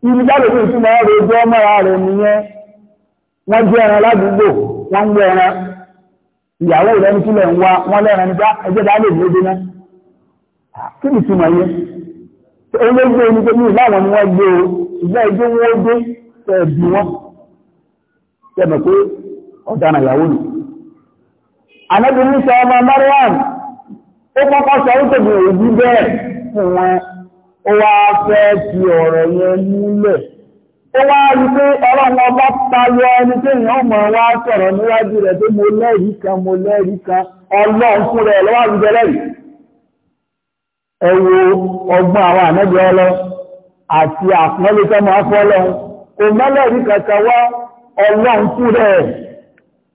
ibi dá lóbi ìtumọ̀ ọ̀rọ̀ ojú ọmọ ara rẹ̀ nìyẹn wọ́n jẹ́ ẹran ládùúgbò wọ́n ń gbé ẹran ìyàwó rẹ̀ ní sílẹ̀ ń wá wọ́n lẹ́ran dá ah, lè lóde náà ah, kí ni ìtumọ̀ yẹn olóògbé ní pé ní ìláwọn ni wọ́n gbé o ìgbà ìgbé wọn ó dé tẹ̀ bí wọn tẹ̀ mọ̀ pé Ọ dara ya Ànábì Musa ọmọ Mariam, ó kọ́kọ́ sọ ó tòbí òbí bẹ́ẹ̀ fún wọn, ó wá fẹ́ ti ọ̀rọ̀ yẹn múlẹ̀. Ó wá rí pé ọlọ́run ọba tayọ ẹni tí èèyàn mọ̀ wá sọ̀rọ̀ níwájú rẹ̀ pé mo lẹ́rìí kan, mo lẹ́rìí kan, ọlọ́run fún rẹ̀ lọ́wọ́ ọgbọ́n àwọn ọlọ àti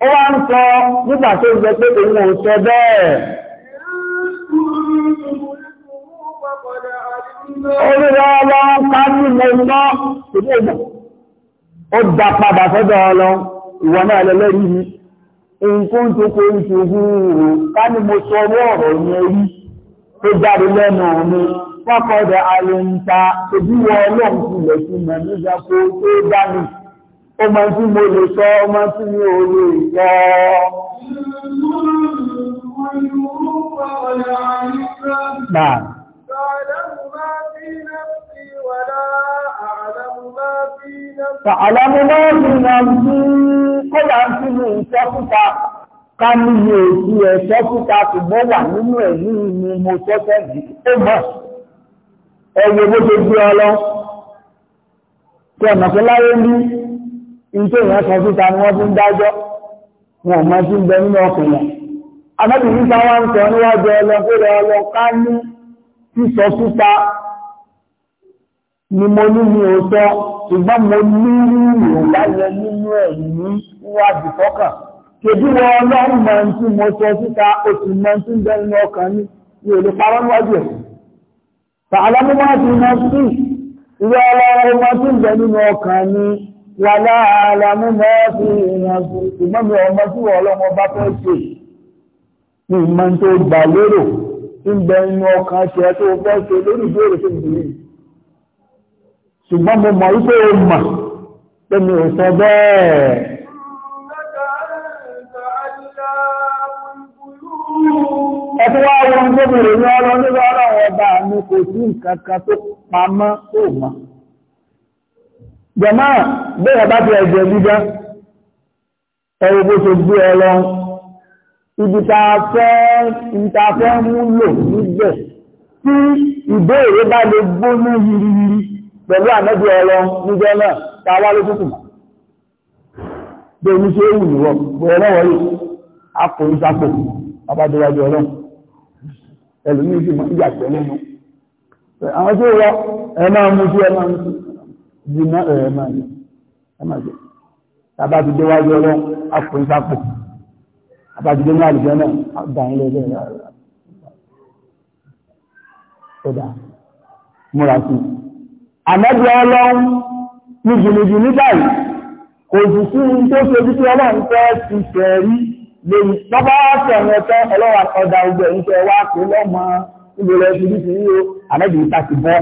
ó wá ń sọ nígbà tó ń sọ pé òun ò sọ bẹ́ẹ̀ orílẹ̀ ọlọ́run ká ní mẹ́lọ́ ìdí ìgbà ó dá padà sọ́dọ̀ ọlọ́run ìwọ náà lẹ́lẹ́rí mi nǹkan tó kó ń ṣe húrù ká ní mo sọ ní ọ̀rọ̀ yẹn rí tó ó máa tí mo lè sọ ó máa tí mi ò lè sọ Náà. Àlàmù máa fi náà bí kọ́lá ń fi ní ìṣẹ́kúta ká ní mi ò sí ẹ̀ṣẹ́kúta ṣùgbọ́n wà nínú ẹ̀mí ni mo tọ́tẹ́ yìí ó mọ̀. Ẹ̀yẹ bó ṣe gbé ọ Tí ọ̀nà pé láyé ní nítorí ìyẹn kan síta ni wọ́n fi ń dájọ́ wọn máa fi ń bẹ nínú ọkùnrin àbẹ́bí níta wá ń sọ níwájú ọlọ́pẹ́rẹ́ ọlọ́ká ní sísọ síta ni mo ní mi ò sọ ṣùgbọ́n mo ní ìròyìn ayẹ nínú ẹ̀yìn níwájú fọ́kàn kèbí wọn ọlọ́run mọ ohun tí mo sọ síta o sì mọ ohun tí ń bẹ nínú ọkàn ní mi ò lè parọ́ níwájú ẹ̀ tààlà mo máa fi ìwé ọlọ́run mọ ń bẹ nínú ọkàn ní wà láàlámú náà fi ìrìnà ṣùgbọ́n mi ọmọ tí wọ́n ọlọ́mọ bá fẹ́ ṣe ní ìmọ̀ tó gbà lérò tí ń bẹ inú ọkàn ṣe ẹ tó fẹ́ ṣe lórí ìbéèrè tó bìí ṣùgbọ́n mo mọ̀ wípé o mọ̀ pé mi ò sọ bẹ́ẹ̀ ẹ̀tọ́ wá wọn tó bèrè ní ọlọ́ nígbà ọlọ́wọ́ ọba mi kò sí nǹkan kan tó pamọ́ tó mọ̀ jẹ̀má bẹ́ẹ̀ bá ti ẹ̀jẹ̀ gbígbá ẹ̀rọ bó ṣe gbé ẹ lọ ibi tá a fẹ́ mú lò níbẹ̀ tí ìbéèrè bá lè gbóná yiriyiri pẹ̀lú àmẹ́bí ẹ lọ níjọ́ náà ta wá ló tútù bẹ́ẹ̀ ní ṣe wù níwọ̀ bẹ́ẹ̀ náà wọlé àpò ìsapò abájọwájú ọlọ́run ẹlòmíì sì mọ́ ìyàtọ̀ lẹ́nu àwọn tí ó wọ ẹ máa mú sí ẹ máa mú sí jìnnà eh, ẹ̀ máa jẹ ẹ máa jẹ tàbá ti déwájú ọlọ́ àpò ìsàpò àbájúdé ní àlùjọ náà dàn lé lé ọ̀dà múra sí àmọ́bí ọlọ́run ní jùlùjù ní báyìí kò jù sí ní tó ṣojú tí ọlọ́run fẹ́ ti ṣẹ̀rí lè lọ́bá tẹ̀wọ̀n tẹ́ ọlọ́wà ọ̀dà ọgbẹ̀ ń tẹ́ wá pé lọ́mọ ìbẹ̀rẹ̀ ti rí ti rí o àmọ́bí ìta ti bọ́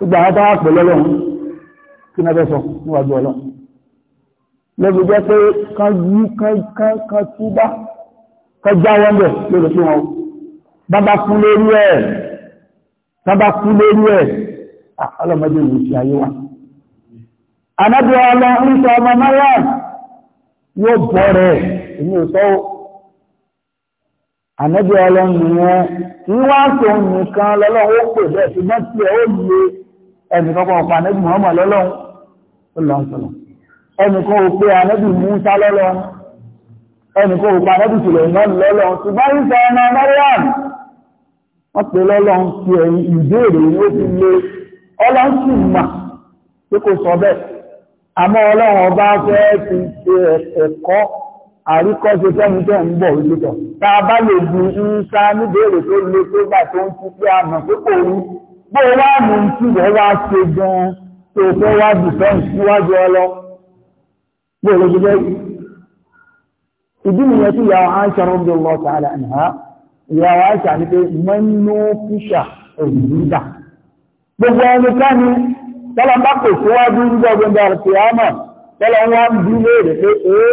gbogbo àwọn tó wà pẹ̀lú ọlọ́run kí náà fẹ́ sọ níwájú ọlọ́run lẹ́gbẹ̀ẹ́ jẹ́ pé kan yí kan túbá kan já wọ́n bẹ̀ lórí fún wọn bàbá kú lórí ẹ̀ bàbá kú lórí ẹ̀ ọlọ́mọdé yìí ṣe ayé wa anábì ọlọ ń sọ ọmọ náírà yóò bọ́ rẹ̀ èmi ò sọ́wọ́ anábì ọlọ nìyẹn kí wọ́n sọ nìkan lọ́lọ́wọ́ pè bẹ́ẹ̀ ṣùgbọ́n tiẹ̀ ó yẹ ẹnì kan kọ́ pa ànábì Muhammad lọ́lọ́run ó lọ́n sọ̀rọ̀ ẹnì kan ò pé ànábì Musa lọ́lọ́run ẹnì kan ò pa ànábì Suleiman lọ́lọ́run ṣùgbọ́n ìṣe ọmọ Mariam wọ́n pè lọ́lọ́run ti ẹ̀yìn ìbéèrè ó ti lé ọlọ́run sì mà pé kò sọ bẹ́ẹ̀ àmọ́ ọlọ́run ọba fẹ́ ti ṣe ẹ̀kọ́ àríkọ́ṣe tẹ́mi tẹ́ ń bọ̀ wípé tọ́ tá a bá lè bu ìṣá tó le tó gbà tó ń ti pé àmọ̀ pé kò bó wá mú tí wọ́n wá ṣe gan tó fẹ́ wá dìfẹ́ níwájú ọlọ́ bó ló ṣe bẹ́ẹ̀ ìdí nìyẹn tí ìyàwó Aisha rọ́bì lọ sàálà nìha ìyàwó Aisha ní pé mẹ́nu fíṣà òyìnbá gbogbo ẹni káni tọ́lá bá kò síwájú nígbà gbogbo àrùkìyàmà tọ́lá wá ń bí léèrè pé èé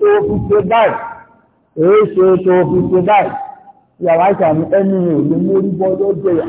tó fi ṣe báyìí èé tó fi ṣe báyìí ìyàwó Aisha ní ẹni ò lè mórí bọ́jọ́ jẹyà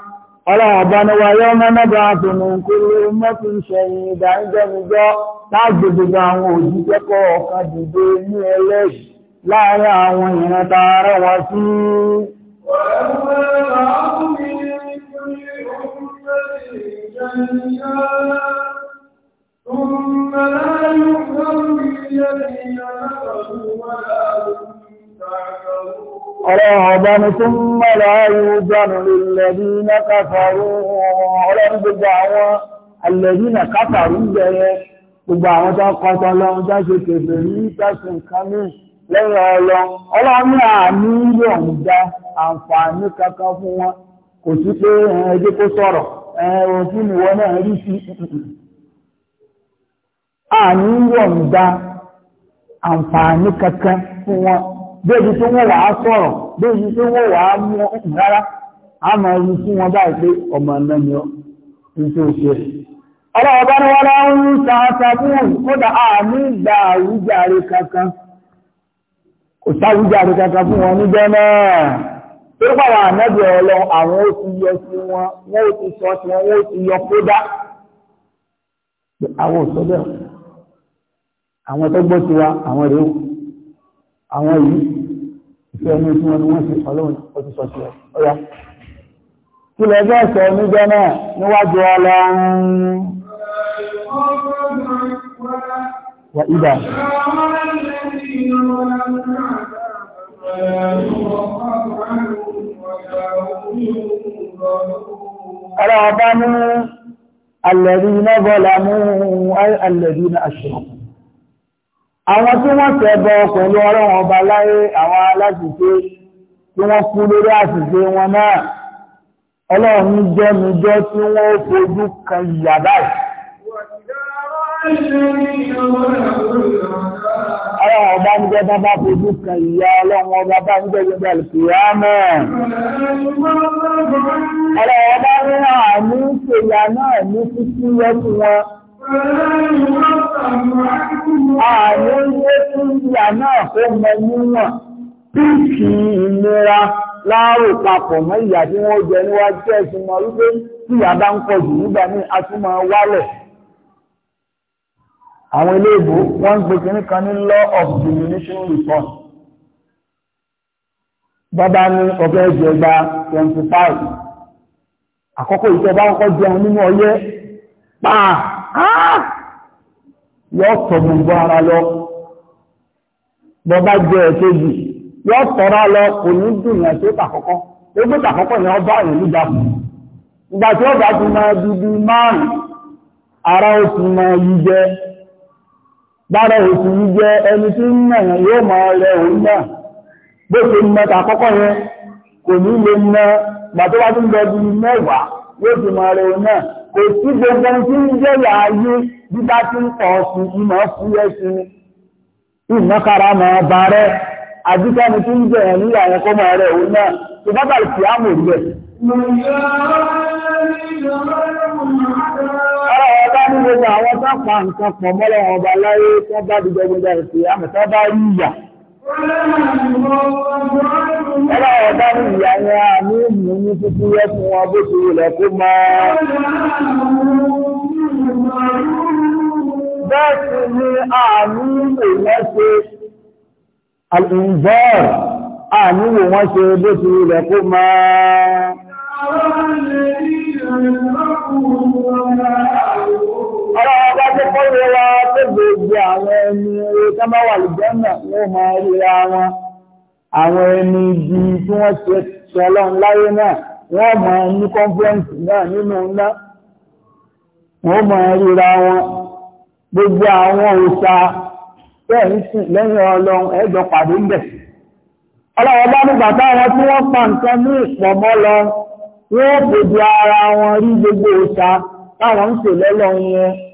ọlọ́ọ̀bọ́ni wa yọ́ mẹ́mẹ́bà àtùnú kúrò mẹ́fún ṣẹ̀yìn ìdájọ́nijọ́ láti gbogbo àwọn òjíṣẹ́ kọ̀ọ̀kan ní ẹlẹ́ṣì láàárín àwọn ìran tààrà sí ọlọ́run ọba tó ń mọ́lá ayé jánu iná kàfàrú ọlọ́run gbogbo àwọn alẹ́bí iná kàfàrú ń bẹ̀rẹ̀ gbogbo àwọn tó ń tó ṣe kèfè ní tẹ̀sán kan lẹ́yìn ọlọ́run ní àmì ilé ọ̀hún dá àǹfààní kankan fún débi tí wọ́n wàá sọ̀rọ̀ débi tí wọ́n wàá mú rárá a máa rí fún wọn báyìí pé ọmọ ẹ̀nà ni ṣe. ọlọ́wọ́ bá ní wọ́n ń kódà kankan kò sáwùjáre kankan fún wọn níbẹ̀ náà tó ọlọ àwọn ó ti yọ sí wọn ó àwọn yìí ìfẹ́ ẹni tí wọ́n ni wọ́n sì ọlọ́run ó ti sọ sí ẹ ọ̀yá kí lẹ bẹ́ẹ̀ sọ níjọ́ náà níwájú ọlọ́run wà ìdá ọ̀rọ̀ ọba alẹ́rí iná bọ́lá mú alẹ́rí iná aṣọ́kù àwọn tí wọ́n tẹ̀bọ̀ pẹ̀lú ọlọ́run ọba láyé àwọn aláṣìṣe tí wọ́n kú lórí àṣìṣe wọn náà ọlọ́run jẹ́mijọ́ tí wọ́n ó fojú kan ìyà báyìí ọlọ́run ọba ń jẹ́ bábá fojú kan ìyà ọlọ́run ọba náà ní títí yẹ́ fún wọn Ààrẹ ilé tí ìyà náà fẹ́ mọ níwọ̀n bí kì í nira láàrò papọ̀ mọ́ ìyà tí wọ́n jẹ níwájú ẹ̀sì mọ̀ wípé tí ìyà bá ń pọ̀ jù nígbà ní a wálẹ̀. Àwọn ilé ìbò wọ́n ń gbé kìíní kan ní law of diminishing return. Bàbá ní ọ̀fẹ́ ìjọba 25. Àkọ́kọ́ ìjọba kọ́kọ́ jẹun nínú ọyẹ́ pàà. Yọ sọ gbogbo ara lọ bọba jẹ ẹ̀kejì yóò tọra lọ kò ní dùn yẹn tó egbé tàkọ́kọ́ yẹn ọba yẹn ló fún ìgbà tí ọba ara otu ma máa yí jẹ bára ó yí jẹ ẹni tí ń nà yóò rẹ òun náà bó ṣe yẹn kò ní lè kò sí gbogbo tí ń jẹ́ yàáyé bíbá tí ń pọ̀ ọ̀sùn ìmọ̀ sí ẹ̀sìn ìmọ̀kára máa bá rẹ̀ àdúgbàmù tí ń jẹ́ ẹ̀yìn ìyàwó kọmọ rẹ̀ òun náà tó bá bàrì sí àmò rí bẹ̀. ọba ní gbogbo àwọn tó pa nǹkan pọ̀ mọ́lọ́wọ́n ọba láyé tó bá dìgbẹ́gbẹ́gbẹ́ sí àmì tó bá rí ìyà Ọlọ́run bá ní ìyá ni a ní ìmú ní títí yẹ fún wọn bó ti wùlẹ̀ kó mọ́. Bẹ́ẹ̀ sì ni àmì ìwọ̀n ṣe àlùbọ́ọ̀ àmì ìwọ̀n ṣe bó ti wùlẹ̀ kó mọ́. Àwọn ilé ìrìn lọ́kùnrin wọn gbogbo àwọn ẹni orí tánbá wà lùjọ́nà ní ó máa ríra wọn àwọn ẹni ibi tí wọ́n ṣe ṣọlọ́run láyé náà wọ́n máa ní kọ́nfẹ́ǹsì náà nínú ńlá wọ́n máa ríra wọn gbogbo àwọn òòṣà tẹ́ẹ̀sìn lẹ́yìn ọlọ́run ẹ̀jọ pàdé ń bẹ̀. ọlọ́wọ́ bá nígbà táwọn tí wọ́n pa nǹkan ní ìpọ̀mọ́ lọ wọ́n gbogbo ara wọn rí gbogbo òòṣà táwọn ń ṣèlọ́lọ́run wọn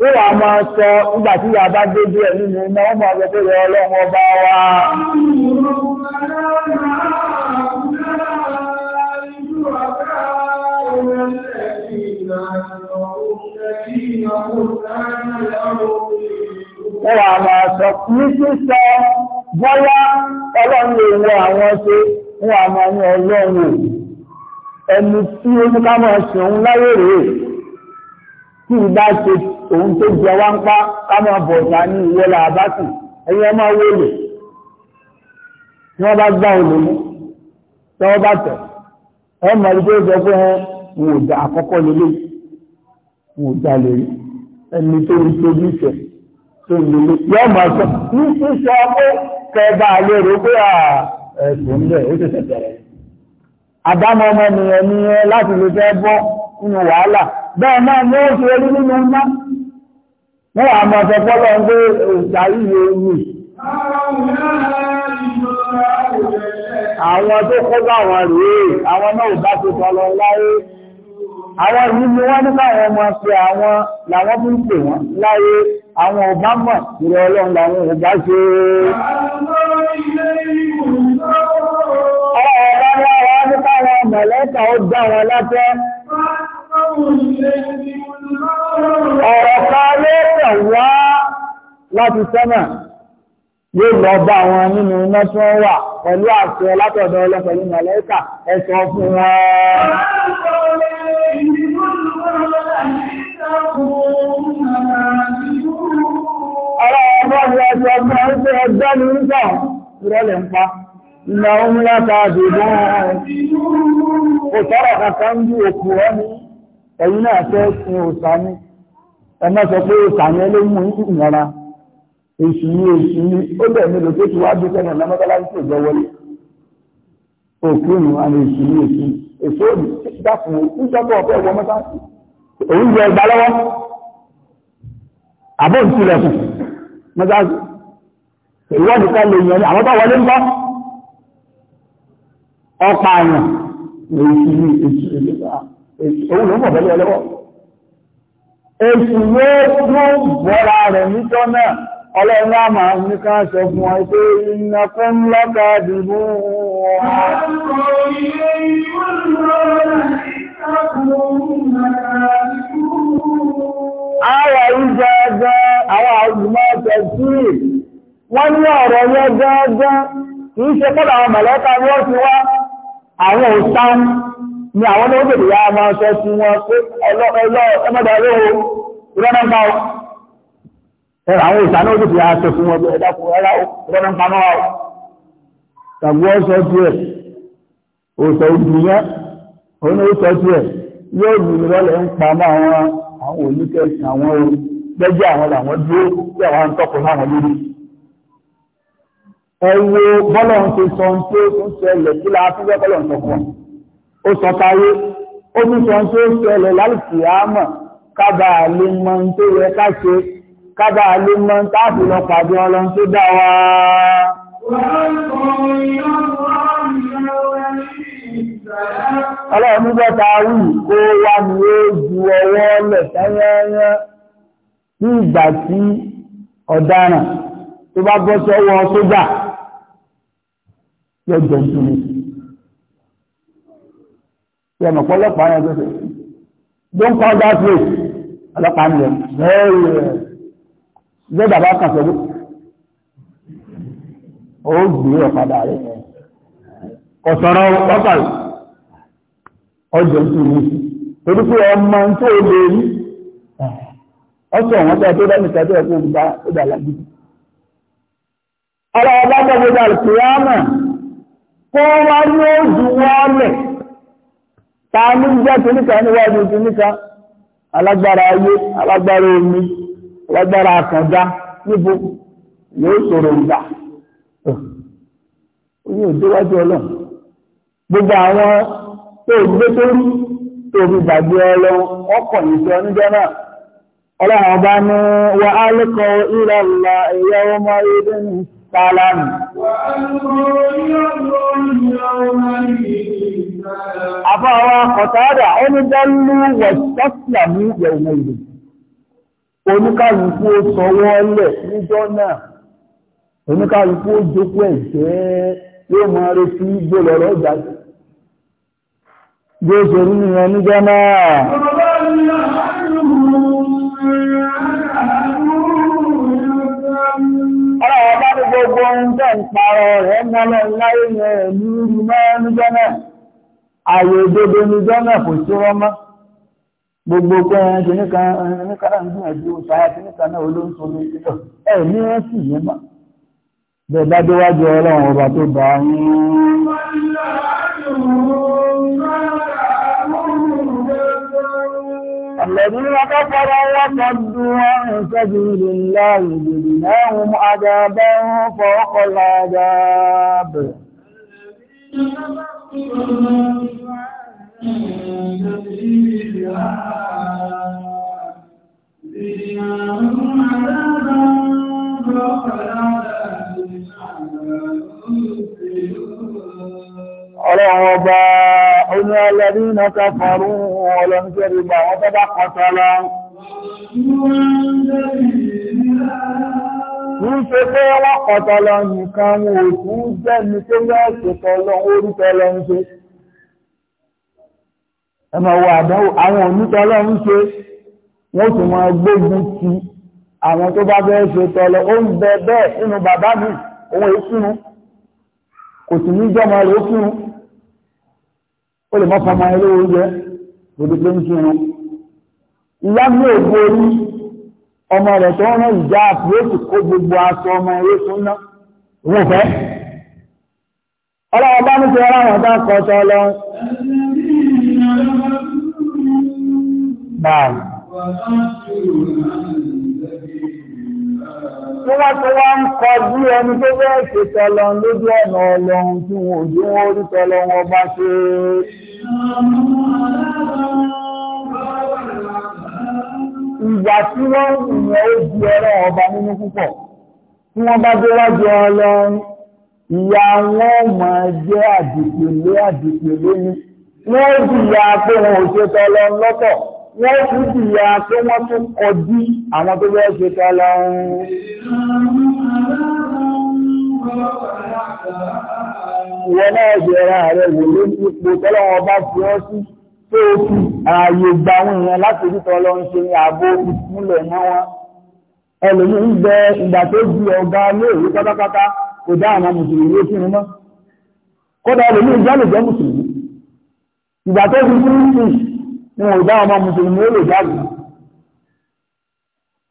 ó wà máa sọ nígbà tí ìyá bá dé bí ẹ̀mí mi náà wọ́n máa sọ pé ìyá ọlọ́run ọba wa. Wọ́n wà máa sọ ní sísọ bọ́lá ọlọ́run èèwọ̀ àwọn ṣe wọ́n wà máa ní ọlọ́run ẹni tí ó ní ká máa ṣe òun láyé rèé tí ìbá ṣe òun tó jẹ wá ń pa ká máa ní ìwọ làbátì ẹ̀yẹ máa wó lè tí wọ́n bá gbá olè mú tí wọ́n bá tẹ̀ ẹ mọ̀ ní pé ó sọ pé wọn àkọ́kọ́ lélẹ̀ ẹni tó ń tóbi ìfẹ́ tó lélẹ̀ yọ sọ ní sísọ pé kẹba pé ẹ̀sùn ó àdámọ́ ọmọ wọ́n wà máa sọ pọ́lọ́ ń gbé ìdarí ewu àwọn tó kọ́gbà wọn rèé àwọn náà bá ti tọ́lọ láyé àwọn ìlú wọ́n ní káwọn ọmọ ṣe àwọn làwọn bí ń pè wọ́n láyé àwọn ọba mọ̀ ìrọ̀ ọlọ́run làwọn ọba ṣe ọ̀rọ̀ láti sẹ́nà yóò lọ bá àwọn nínú iná tí wọ́n wà pẹ̀lú àṣẹ látọ̀dọ̀ ọlọ́pẹ̀lú mọ̀lẹ́kà ẹ sọ fún wọn. Ọ̀rọ̀ ọ̀rọ̀ ọ̀rọ̀ ẹ̀sọ̀ fún ọ̀rọ̀ ẹgbẹ́ ní nígbà ìrọ̀lẹ̀ ń pa. Ìlà ohun láta àdìbò òtọ́rọ̀ kankan ń bí òkú ọ́ ní ẹ̀yìn náà fẹ́ sin òsà ní. Ẹ pé òsà ní ẹlẹ́mú ìrànra èsì yìí èsì yìí ó bẹ̀ mí lókè tí wàá bí sẹ́yìn ọ̀nà mọ́tàláṣí tó jọ wọlé òkú nù àwọn èsì yìí èsì èsì ó dàpọ̀ níjọ́bọ̀ ọ̀fẹ́ ìwọ mọ́tàláṣí òun jẹ ẹgbà lọ́wọ́ àbọ̀ ń tilẹ̀ kù mọ́tàláṣí ìwọ nìkan lè yàn ní àwọn tó wọlé ń bọ́ ọ̀pá àyàn èsì yìí èsì òun ló ń bọ̀ bẹ́lẹ̀ lọ́wọ́ èsì yóò tún bọ́ra rẹ̀ níjọ́ náà ọlọ́run náà máa ń ní ká sọ fún wọn pé iná fún lọ́ta dìbò wọ́n ní ọ̀rọ̀ yẹn gẹ́gẹ́ kìí ṣe pọ́lá àwọn mẹ̀lẹ́ta ni ó ti wá àwọn òṣà àwọn ya máa sí wọn pé ìrọ́nà ẹ̀rọ àwọn ìsànà ó dìbò aṣọ fún ọgbẹ́ ẹ̀dàkù ẹ̀rọ ọ̀rọ̀ pamọ́ wa tàbí ọ̀sọ̀ díẹ̀ òsọ̀ ìdùnyẹ́ òun ó sọ díẹ̀ yóò ní ìrọ̀lẹ́ ń pamọ́ àwọn àwọn oníkẹ́sì àwọn gbẹ́jẹ́ àwọn làwọn dúró tí àwọn ń tọ́kọ̀ láwọn lórí ẹ̀wọ̀ bọ́lọ̀ ń ṣe sọ tí ó ń ṣẹlẹ̀ kí la fún bọ́lọ̀ ń tọ́kọ̀ kábà ló mọ́ táàbù lọ pàdé ọlọ́run tó dá wa. Ọlọ́run nígbà ta rí kó wá ní ó ju ọwọ́ lẹ̀ sáyẹ́yẹ́ ní ìgbà tí ọ̀daràn tó bá bọ́ sọ́wọ́ sójà yóò jẹ́ ìsinmi. pọ́lọ́pàá yẹn tó ṣe. Don't call that place. Ọlọ́pàá ń lọ. Bẹ́ẹ̀ bẹ́ẹ̀ bàbá kan sọ pé ó gbé ọ̀kadà rẹ̀ ọ̀sọ̀rọ̀ ọ̀pá ọjọ́ tó ní torí pé ọmọ tó lè rí ọ̀sọ̀ wọn bẹ́ẹ̀ tó bá nìkan tó ẹ̀kọ́ gbá ó dà lágbí. ara ọba kó wá ní ta ní jẹ́ níwájú alágbára ayé alágbára omi lágbára àkàndá níbo yóò sọ̀rọ̀ ìgbà oní òdíwájú ọlọ́run gbogbo àwọn tó gbé tó tó fi gbàgbé ọlọ́run ọkọ̀ ìjọ níjọ́ náà ọlọ́run ọba ní wà á lẹ́kọ̀ọ́ ìlàlà ẹ̀yà ọmọ ní ó ní dánú ìlú. oníkàlùkù ó sọwọ́ lẹ̀ níjọ́ náà oníkàlùkù ó jókòó ẹ̀jẹ́ yóò máa retí gbólọ̀rọ̀ jáde bí ó ṣe rí nìyẹn níjọ́ náà. ọlọ́wọ́ bá ní gbogbo ohun tẹ́ ń parọ́ rẹ̀ ń láyé yẹn ní rí níjọ́ náà ààyè òdodo níjọ́ náà kò sí rọ́mọ́ gbogbo pé ẹ ṣe nìkan nìkan náà ń gbìyànjú ṣáà tí nìkan náà ló ń sọmi títọ ẹ ní wọn sì yẹn mọ bẹ́ẹ̀ bá déwájú Ọlọ́run ọba tó bá yín. الذين كفروا وصدوا عن سبيل الله زدناهم عذابا فوق العذاب Ọlọ́run ọba oní ọlọ́rí iná kẹfàrú ọlọ́run jẹ́rì bá wọ́n tọ́bá kọtọ́lá. Ní ṣe pé wọ́n kọtọ́lá nìkan wọ́n òkú jẹ́ ní pé yọ́ ṣètọ́lọ́ orítọ́lọ́ ń ṣe ẹmọ wọ àdánwò àwọn onítọ́lọ́ ń ṣe wọ́n sì mọ gbógun ti àwọn tó bá bẹ́ẹ̀ ṣe tọ́lọ ó ń bẹ bẹ́ẹ̀ nínú bàbá mi òun èé sínú kò sì ní jọmọ rẹ̀ ó sínú ó lè mọ́ fọmọ ilé oúnjẹ lórí pé ń sínú ìyá mi ò borí ọmọ rẹ̀ tó rán ìjà àpòlóṣì kó gbogbo aṣọ ọmọ eré fún ná òun ò ọlọ́wọ́ bá ní ti ọlọ́wọ́ bá kọ́ tọ́lọ́ Náà. Tí wọ́n tó wá ń kọ bí ẹni tó bẹ́ẹ̀ ṣe tọ́lọ lójú ọ̀nà ọlọ́run tí wọ́n ojú wọn orí tọ́lọ wọn bá ṣe. Ìgbà tí wọ́n ìyẹn ó di ẹ̀rọ ọba nínú púpọ̀. Tí wọ́n bá dé wájú ọlọ́run, ìyá wọn máa jẹ́ àdìpèlé àdìpèlé ni. Wọ́n jìyà pé wọn ò ṣe tọ́lọ lọ́tọ̀ wọ́n tún bí ya tó wọ́n tún kọjú àwọn tó bẹ́ẹ̀ ṣe tààlà ohun wọ́n náà jẹ́ra rẹ̀ wò ló ní ipò tọ́lọ́wọ́ bá fi ọ́ sí tó fi ààyè gba àwọn èèyàn láti rí tọ́lọ́ ń ṣe ààbò ìpínlẹ̀ mọ́ wọn ẹlòmí ń bẹ ìgbà tó di ọ̀gá lóòrú pátápátá kò dá àwọn mùsùlùmí ló kírun mọ́ kódà ẹlòmí ìjọ́lùjọ́ mùsùlùmí ìgbà tó fi kúrú wọn ò dá ọmọ mùsùlùmí ó lè jáde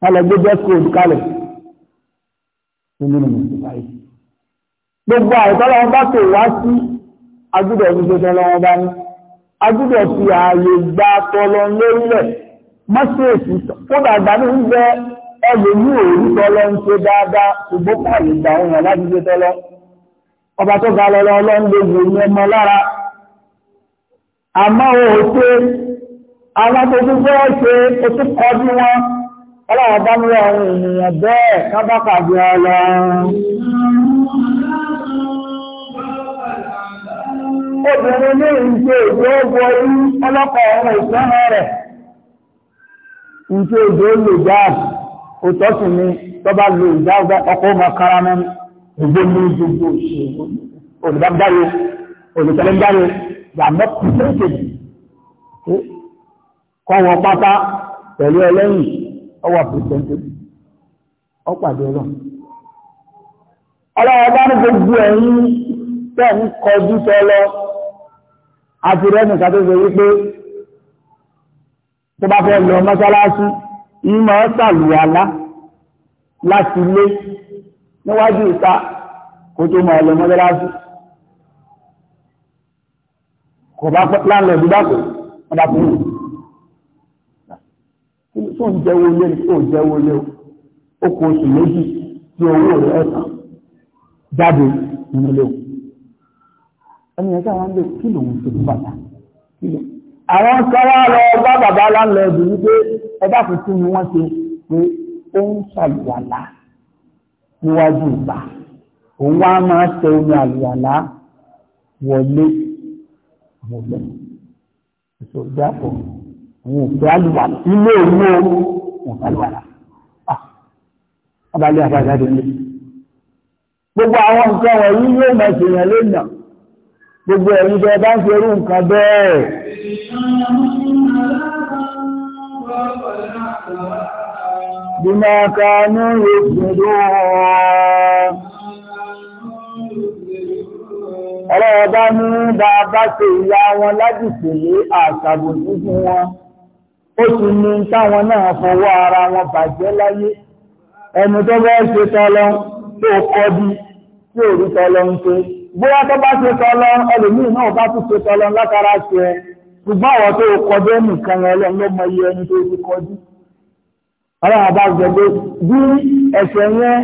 kálẹ̀ gbé dress code kálẹ̀ tó nínú mùsùlùmí gbogbo àìtọ́lọ́ wọn bá tò wá sí agúdọ̀ ní gbogbo ọlọ́wọ́n bá ní agúdọ̀ fi ààyè gba tọlọ lórílẹ̀ mọ́sílẹ̀sì kódà àgbà ní ìgbẹ́ ẹlòmí òru tọlọ ń ṣe dáadáa ṣùgbọ́n pààyè gbà wọn yàn láti gbé tọlọ ọba tó ga lọlọ ọlọ́run lè wò ní lára àmọ́ òun ṣe àwọn tó tún fẹ́ ṣe oṣù kọjú wọn ọlọ́wọ́ bá mú àwọn ènìyàn bẹ́ẹ̀ kábà pàdé ọlọ obìnrin ní ìṣe ìṣe ogun orí ọlọ́pàá ọ̀rọ̀ ìṣẹ́nà rẹ̀ ìṣe ìṣe olè jáàbù òtọ́ sì ni tó bá lo ìjáàbù ọkọ̀ ọmọ kára mẹ́rin gbogbo ní gbogbo òṣèlú olùdágbáyé olùtẹ̀lẹ́gbáyé yàmọ́ kùtẹ́kẹ̀ẹ́ kọ́ wọn pátá pẹ̀lú ẹlẹ́yìn ọwà pẹ̀sẹ̀ntẹ́bù ọpàdé ọlọ́run ọlọ́run bá ní gbogbo ẹ̀yìn tẹ́ ń kọjú tọ́lọ àti rẹ́nì kàtẹ́sọ wípé tó bá fẹ́ lọ mọ́sálásí ìmọ̀ sàlùwàlá láti lé níwájú ìta kó tó mọ̀ lọ mọ́sálásí kò bá pẹ́ láńlọ́ọ̀dù bá kò fún un tó ń jẹ́wó lé tó ń jẹ́wó lé ó kó oṣù méjì tí owó rẹ̀ ẹ̀sán jáde nínú ilé o ẹni ẹ̀ka wọn lè kí lòun ṣe fún bàtà kí lò. àwọn sọ́wọ́ lọ bá bàbá láńlọ́ọ̀dù wípé ẹ fi kí ni wọ́n ṣe pé ó ń ṣàlùwàlà níwájú ìgbà òun wá máa ṣe omi àlùwàlà wọlé wọlé. So therefore òun ò fẹ́ àlùwàlà ilé òun ò fẹ́ àlùwàlà abalẹ̀ ah. àbájáde ní. gbogbo àwọn nǹkan wọ̀nyí yóò mọ̀ sí yẹn lónà gbogbo ẹ̀yin bẹ́ẹ̀ bá ń fi irú nǹkan bẹ́ẹ̀. bímọ kanú yòókùnrú ọlọ́wọ́ bá ní bá a bá ṣe ìyá wọn láti pèlé àṣàbòsí fún wọn ó ti ní táwọn náà fọwọ́ ara wọn bàjẹ́ láyé ẹnu tó bẹ́ẹ̀ ṣe tọ́lọ tó kọ́ bí tí ò rí tọ́lọ ń ṣe bóyá tó bá ṣe tọ́lọ ẹlòmíì náà bá tún ṣe tọ́lọ látara ṣe ẹ ṣùgbọ́n àwọn tó kọjú ẹnìkan yẹn lọ ló mọ iye ẹni tó ti kọjú ọlọ́run bá gbẹ̀gbẹ́ bí ẹ̀ṣẹ̀ yẹn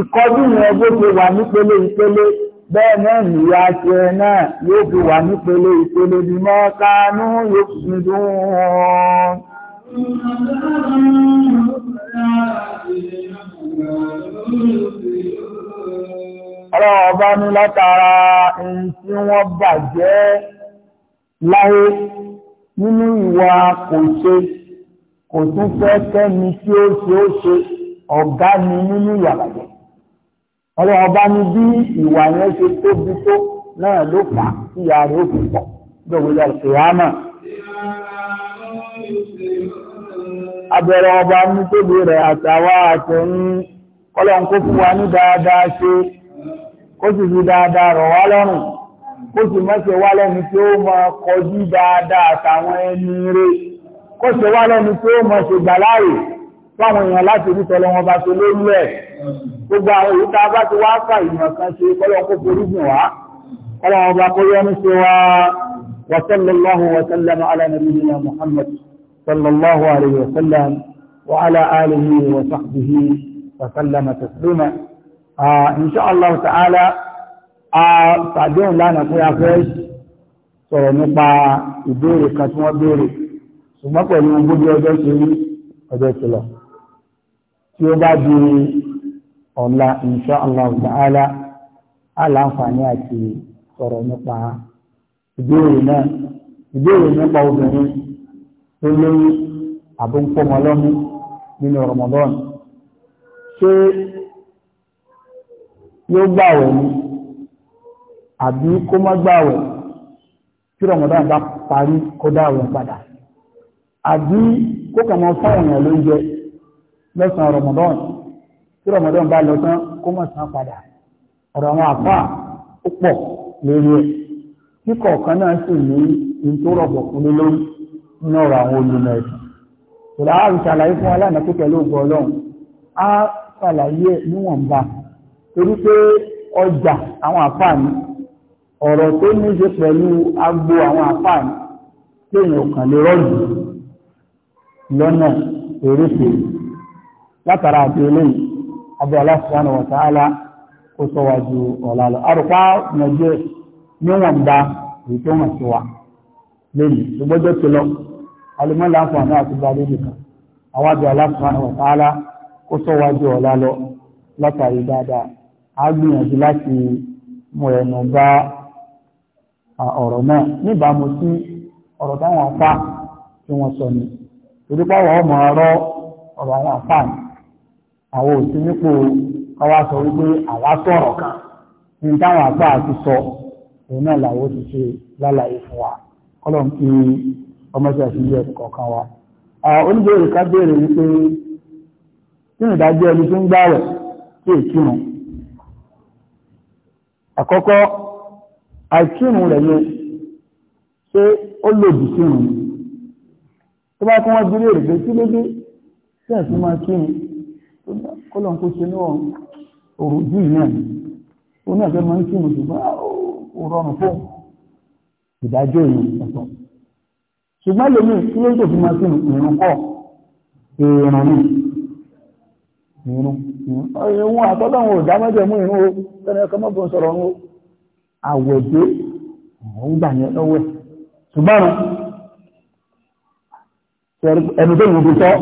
ìkọjú yẹn bó ṣe wà nípele ìpele bẹ́ẹ̀ náà nìyà ṣe náà yóò fi wà nípele ìpele bí mọ́ kánú yóò fi dùn wọn. Ọlọ́run ọba ní látara ẹni nínú ìwà kò ṣe kò tún fẹ́ kẹ́ni tí ó ṣe ó ṣe ọ̀gá ni nínú ìyàbàjẹ́ ọlọ́wọ́ bá ní bí ìwà yẹn ṣe tóbi tó náà ló fà á sí ìyá rẹ̀ ó fi pọ̀ lọ́wọ́ ìyá rẹ̀ kìlámà. abẹ́rẹ́ ọba ní tóbi rẹ̀ àtàwà àtẹ̀yìn ọlọ́run kó fún wa ní dáadáa ṣe kó sì fi dáadáa rọ̀ wá lọ́rùn kó sì má ṣe wá lẹ́ni tí ó máa kọjú dáadáa àtàwọn ẹni rẹ̀ kó ṣe wá lẹ́ni tí ó máa ṣègbà láàyè fáwọn èèyàn láti rí tọ́lọ́wọ́n bá ṣe lórí ẹ̀. Gbogbo àwọn èyí tá a bá ti wá fà ìmọ̀ kan ṣe kọ́lọ̀ kó forí gùn wá. Kọ́lọ̀ ọba kó yọ́nú ṣe wá وصلى الله وسلم على نبينا محمد صلى الله عليه وسلم وعلى آله وصحبه وسلم تسليما آه إن شاء الله تعالى sàdéhùn lánàá pé a fẹ́ sọ̀rọ̀ nípa ìbéèrè kan tí wọ́n béèrè ṣùgbọ́n pẹ̀lú gbogbo ọjọ́ ṣe rí ọjọ́ ti lọ tí ó bá di ọ̀la insha Allah ta'ala aláǹfààní àti sọ̀rọ̀ nípa ìbéèrè náà ìbéèrè nípa obìnrin tó lóyún àbúńpọ̀mọlọ́mú nínú Ramadan ṣé yóò gbàwẹ̀ ni àbí kó má gbàwẹ̀ tí Ramadan bá parí kó dáwẹ̀ padà àbí kó kàn mọ́ fáwọn èèyàn lóúnjẹ lọ́sàn-án Ramadan tí rọmọdún bá lọ tán kó mọ̀ sàn padà ọ̀rọ̀ àwọn àfà ó pọ̀ lórí ẹ̀ tí kọ̀ọ̀kan náà sì ní in tó rọ̀bọ̀ kúlé lórí nínú ọ̀rọ̀ àwọn olùmọ̀ ẹ̀sìn ìlà àrùn ṣàlàyé fún aláìní tó pẹ̀lú ògbọ́ ọlọ́run á ṣàlàyé níwọ̀nba torí pé ọjà àwọn àfààní ọ̀rọ̀ tó ní ṣe pẹ̀lú agbo àwọn àfààní téèyàn kàn lè rọ́ọ̀dù lọ́nà èrèfè látara àti eléyìí abẹ́ Allah wataala wa ta'ala kó sọ wájú ọ̀la lọ. Àrùpá nàìjíríà níwọ̀nba èyí tó hàn sí wa lẹ́yìn ìgbọ́jọ́ ti lọ. Alimọ́lá ń fọ̀nà àti gba lórí kan. Àwọn abẹ́ Allah subhanahu wa ta'ala kó sọ wájú ọ̀la lọ látàrí dáadáa. A láti mú ẹnu bá ọ̀rọ̀ náà níbàámu sí ọ̀rọ̀ táwọn afá tí wọ́n sọ ni. Torípàwọ̀ ọmọ ọ̀rọ̀ ọ̀rọ̀ àwọn afá ni àwọn òsì nípò káwá sọ wípé àwa sọ̀rọ̀ kan ní táwọn àgbà ti sọ òun náà làwọn ti ṣe lálàyé fún wa kọ́lọ̀ ń ọmọdé àti ilé ẹ̀kọ́ kọ̀ọ̀kan wa. oníbèrè ká béèrè wípé kí ni ìdájọ́ ẹni tó ń gbààwẹ̀ tí èkìrùn àkọ́kọ́ àìkírun rẹ̀ yẹn pé ó lòdì sírun tó bá kí wọ́n dúró èrè pé kí ló dé tí ẹ̀sìn máa kírun kọ́lọ̀n kó ṣe náà òrùjú náà ó náà fẹ́ máa ń kí mùsùlùmí ah, ó rọrùn fún ìdájọ́ ìrìn ọ̀tọ̀ ṣùgbọ́n lèmi tí ó tó fi máa kí ìrìn pọ̀ ìrìn ní ìrìn ìrìn àwẹ̀dé àwọn gbà yẹn lọ́wọ́ ṣùgbọ́n ẹni tó ń tọ́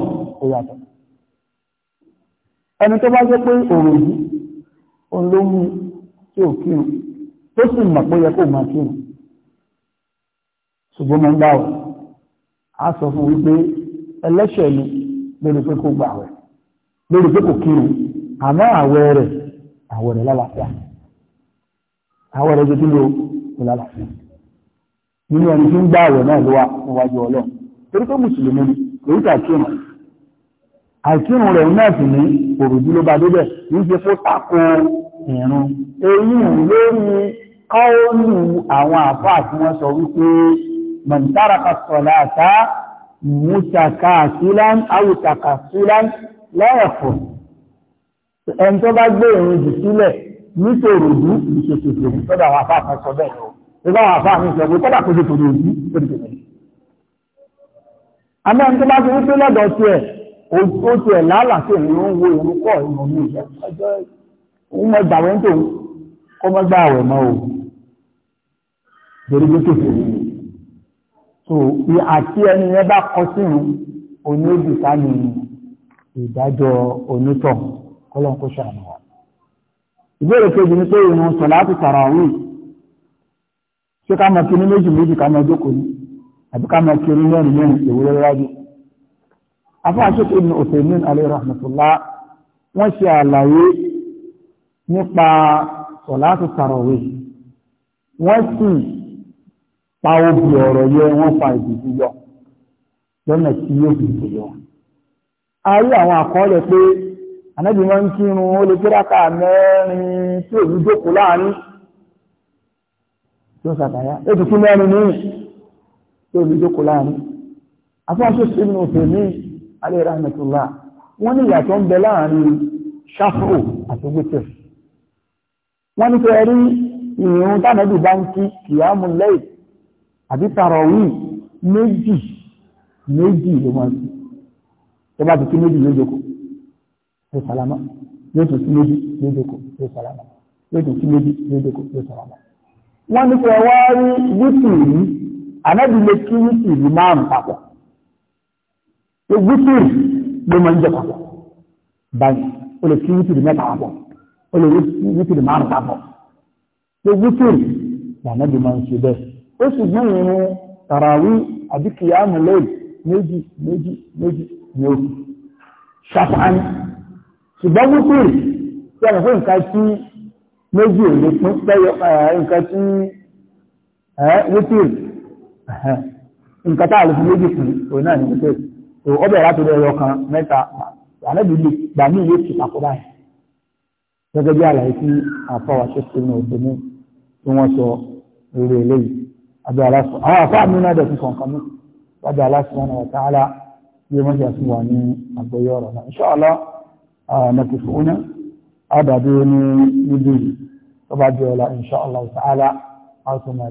ó ẹni tó bá jẹ́ pé òòrùn yìí òun tí ò kírun tó sì mọ̀ pé yẹ kó máa kírun ṣùgbọ́n mo ń gbà ọ́ a sọ fún wípé ẹlẹ́ṣẹ̀ ni lórí pé kó gbà wẹ̀ lórí pé kò kírun àmọ́ àwẹ̀ rẹ̀ àwẹ̀ rẹ̀ lálàáfíà àwẹ̀ rẹ̀ jẹ́ kó lálàáfíà nínú ẹni tí ń gbà wẹ̀ náà ló wà níwájú ọlọ́run torí pé mùsùlùmí ni lórí kà kírun àìkírun rẹ̀ náà sì ní òrùjú ló bá débẹ̀ ní ṣe kó tako ìrun èyí lórí kọ́ọ̀lù àwọn àfáà tí wọ́n sọ wípé mọ̀ntáraka sọ̀láta mùtàkàsílán àwùtàkàsílán lẹ́ẹ̀fọ̀ ẹni tó bá gbé ìrun jù sílẹ̀ nítoròdú ìṣètòtò lọ́dọ̀ àwọn àfáà kan sọ bẹ́ẹ̀ lọ ó ti ẹ̀ lálàáfíà ni ó ń wo ìrún kọ́ ìmọ̀ mi ìyá ọjọ́ òun mọ gbà wẹ́ńtò kó mọ gbà àwẹ̀ mọ́ o torí bí kò sí so àti ẹni yẹn bá kọ sínú onídìíká ni ìdájọ́ onítọ̀ kọ́lọ́n kó ṣàánú wa ìbéèrè kejì ni pé ìrún sọ̀láàtì tàràwí ṣé ká máa kiri méjì méjì ká máa jókòó ni àbí ká máa kiri mẹ́rin mẹ́rin ìwúrẹ́ lájú afáàṣẹ́kù ibn Uthaymin alayhi rahmatullah wọ́n ṣe àlàyé nípa sọ̀látù tàràwé wọ́n sì pa obì ọ̀rọ̀ yẹ wọ́n fa ìdìbò yọ lọ́nà tí yóò fi ìdìbò yọ. a rí àwọn àkọọ́lẹ̀ pé anábì máa ń kírun ó lè kíráka mẹ́rin tí òun jókòó láàrin tí ó ṣàtàyà ètò mẹ́rin ní tí òun jókòó láàrin afáàṣẹ́kù ibn Uthaymin alẹ́ rahmatullah wọ́n ní ìyàtọ̀ ń bẹ láàrin ṣáfò àti wítìr wọ́n ní fẹ́ rí ìrún tánàbì bá ń kí kìyàmù lẹ́yìn àbí tàrọ̀wì méjì méjì ló máa sí tó bá ti kí méjì yóò jókòó yóò sàlámà yóò tún pé wítìrì ló máa ń jẹ papọ̀ báyìí o lè kí wítìrì mẹ́ta papọ̀ o lè wítìrì márùn papọ̀ pé wítìrì lànà bí máa ń ṣe bẹ́ẹ̀ ó sì gbọ́n ìrún tàràwí àbí kìyàmù lẹ́yìn méjì méjì méjì ni ó ṣàfihàn ṣùgbọ́n wítìrì tí a lè fún nǹkan tí méjì ò lè pín pẹ́yọ nǹkan tí wítìrì nǹkan tá a lè fún méjì fún òun náà ni wítìrì tó ọbẹ̀ láti rẹ̀ ọkàn mẹ́ta àlẹ́bí lè gbà ní ìwé ti pàkó báyìí gẹ́gẹ́ bí àlàyé tí àfọwà ṣe ṣe ní òṣèlú tí wọ́n sọ lórí eléyìí abẹ́ aláṣọ àwọn àfọ àmì náà dẹ̀ tún kọ̀ọ̀kan mú lábẹ́ aláṣọ wọn wọ̀ tààlà bí wọ́n ṣe fún wa ní àgbẹ̀yẹ ọ̀rọ̀ náà insha Allah nàkì àdàbí ní níbi tó bá jẹ́ ọ̀la insha Allah tààlà àwọn tó máa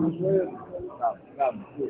Thank you.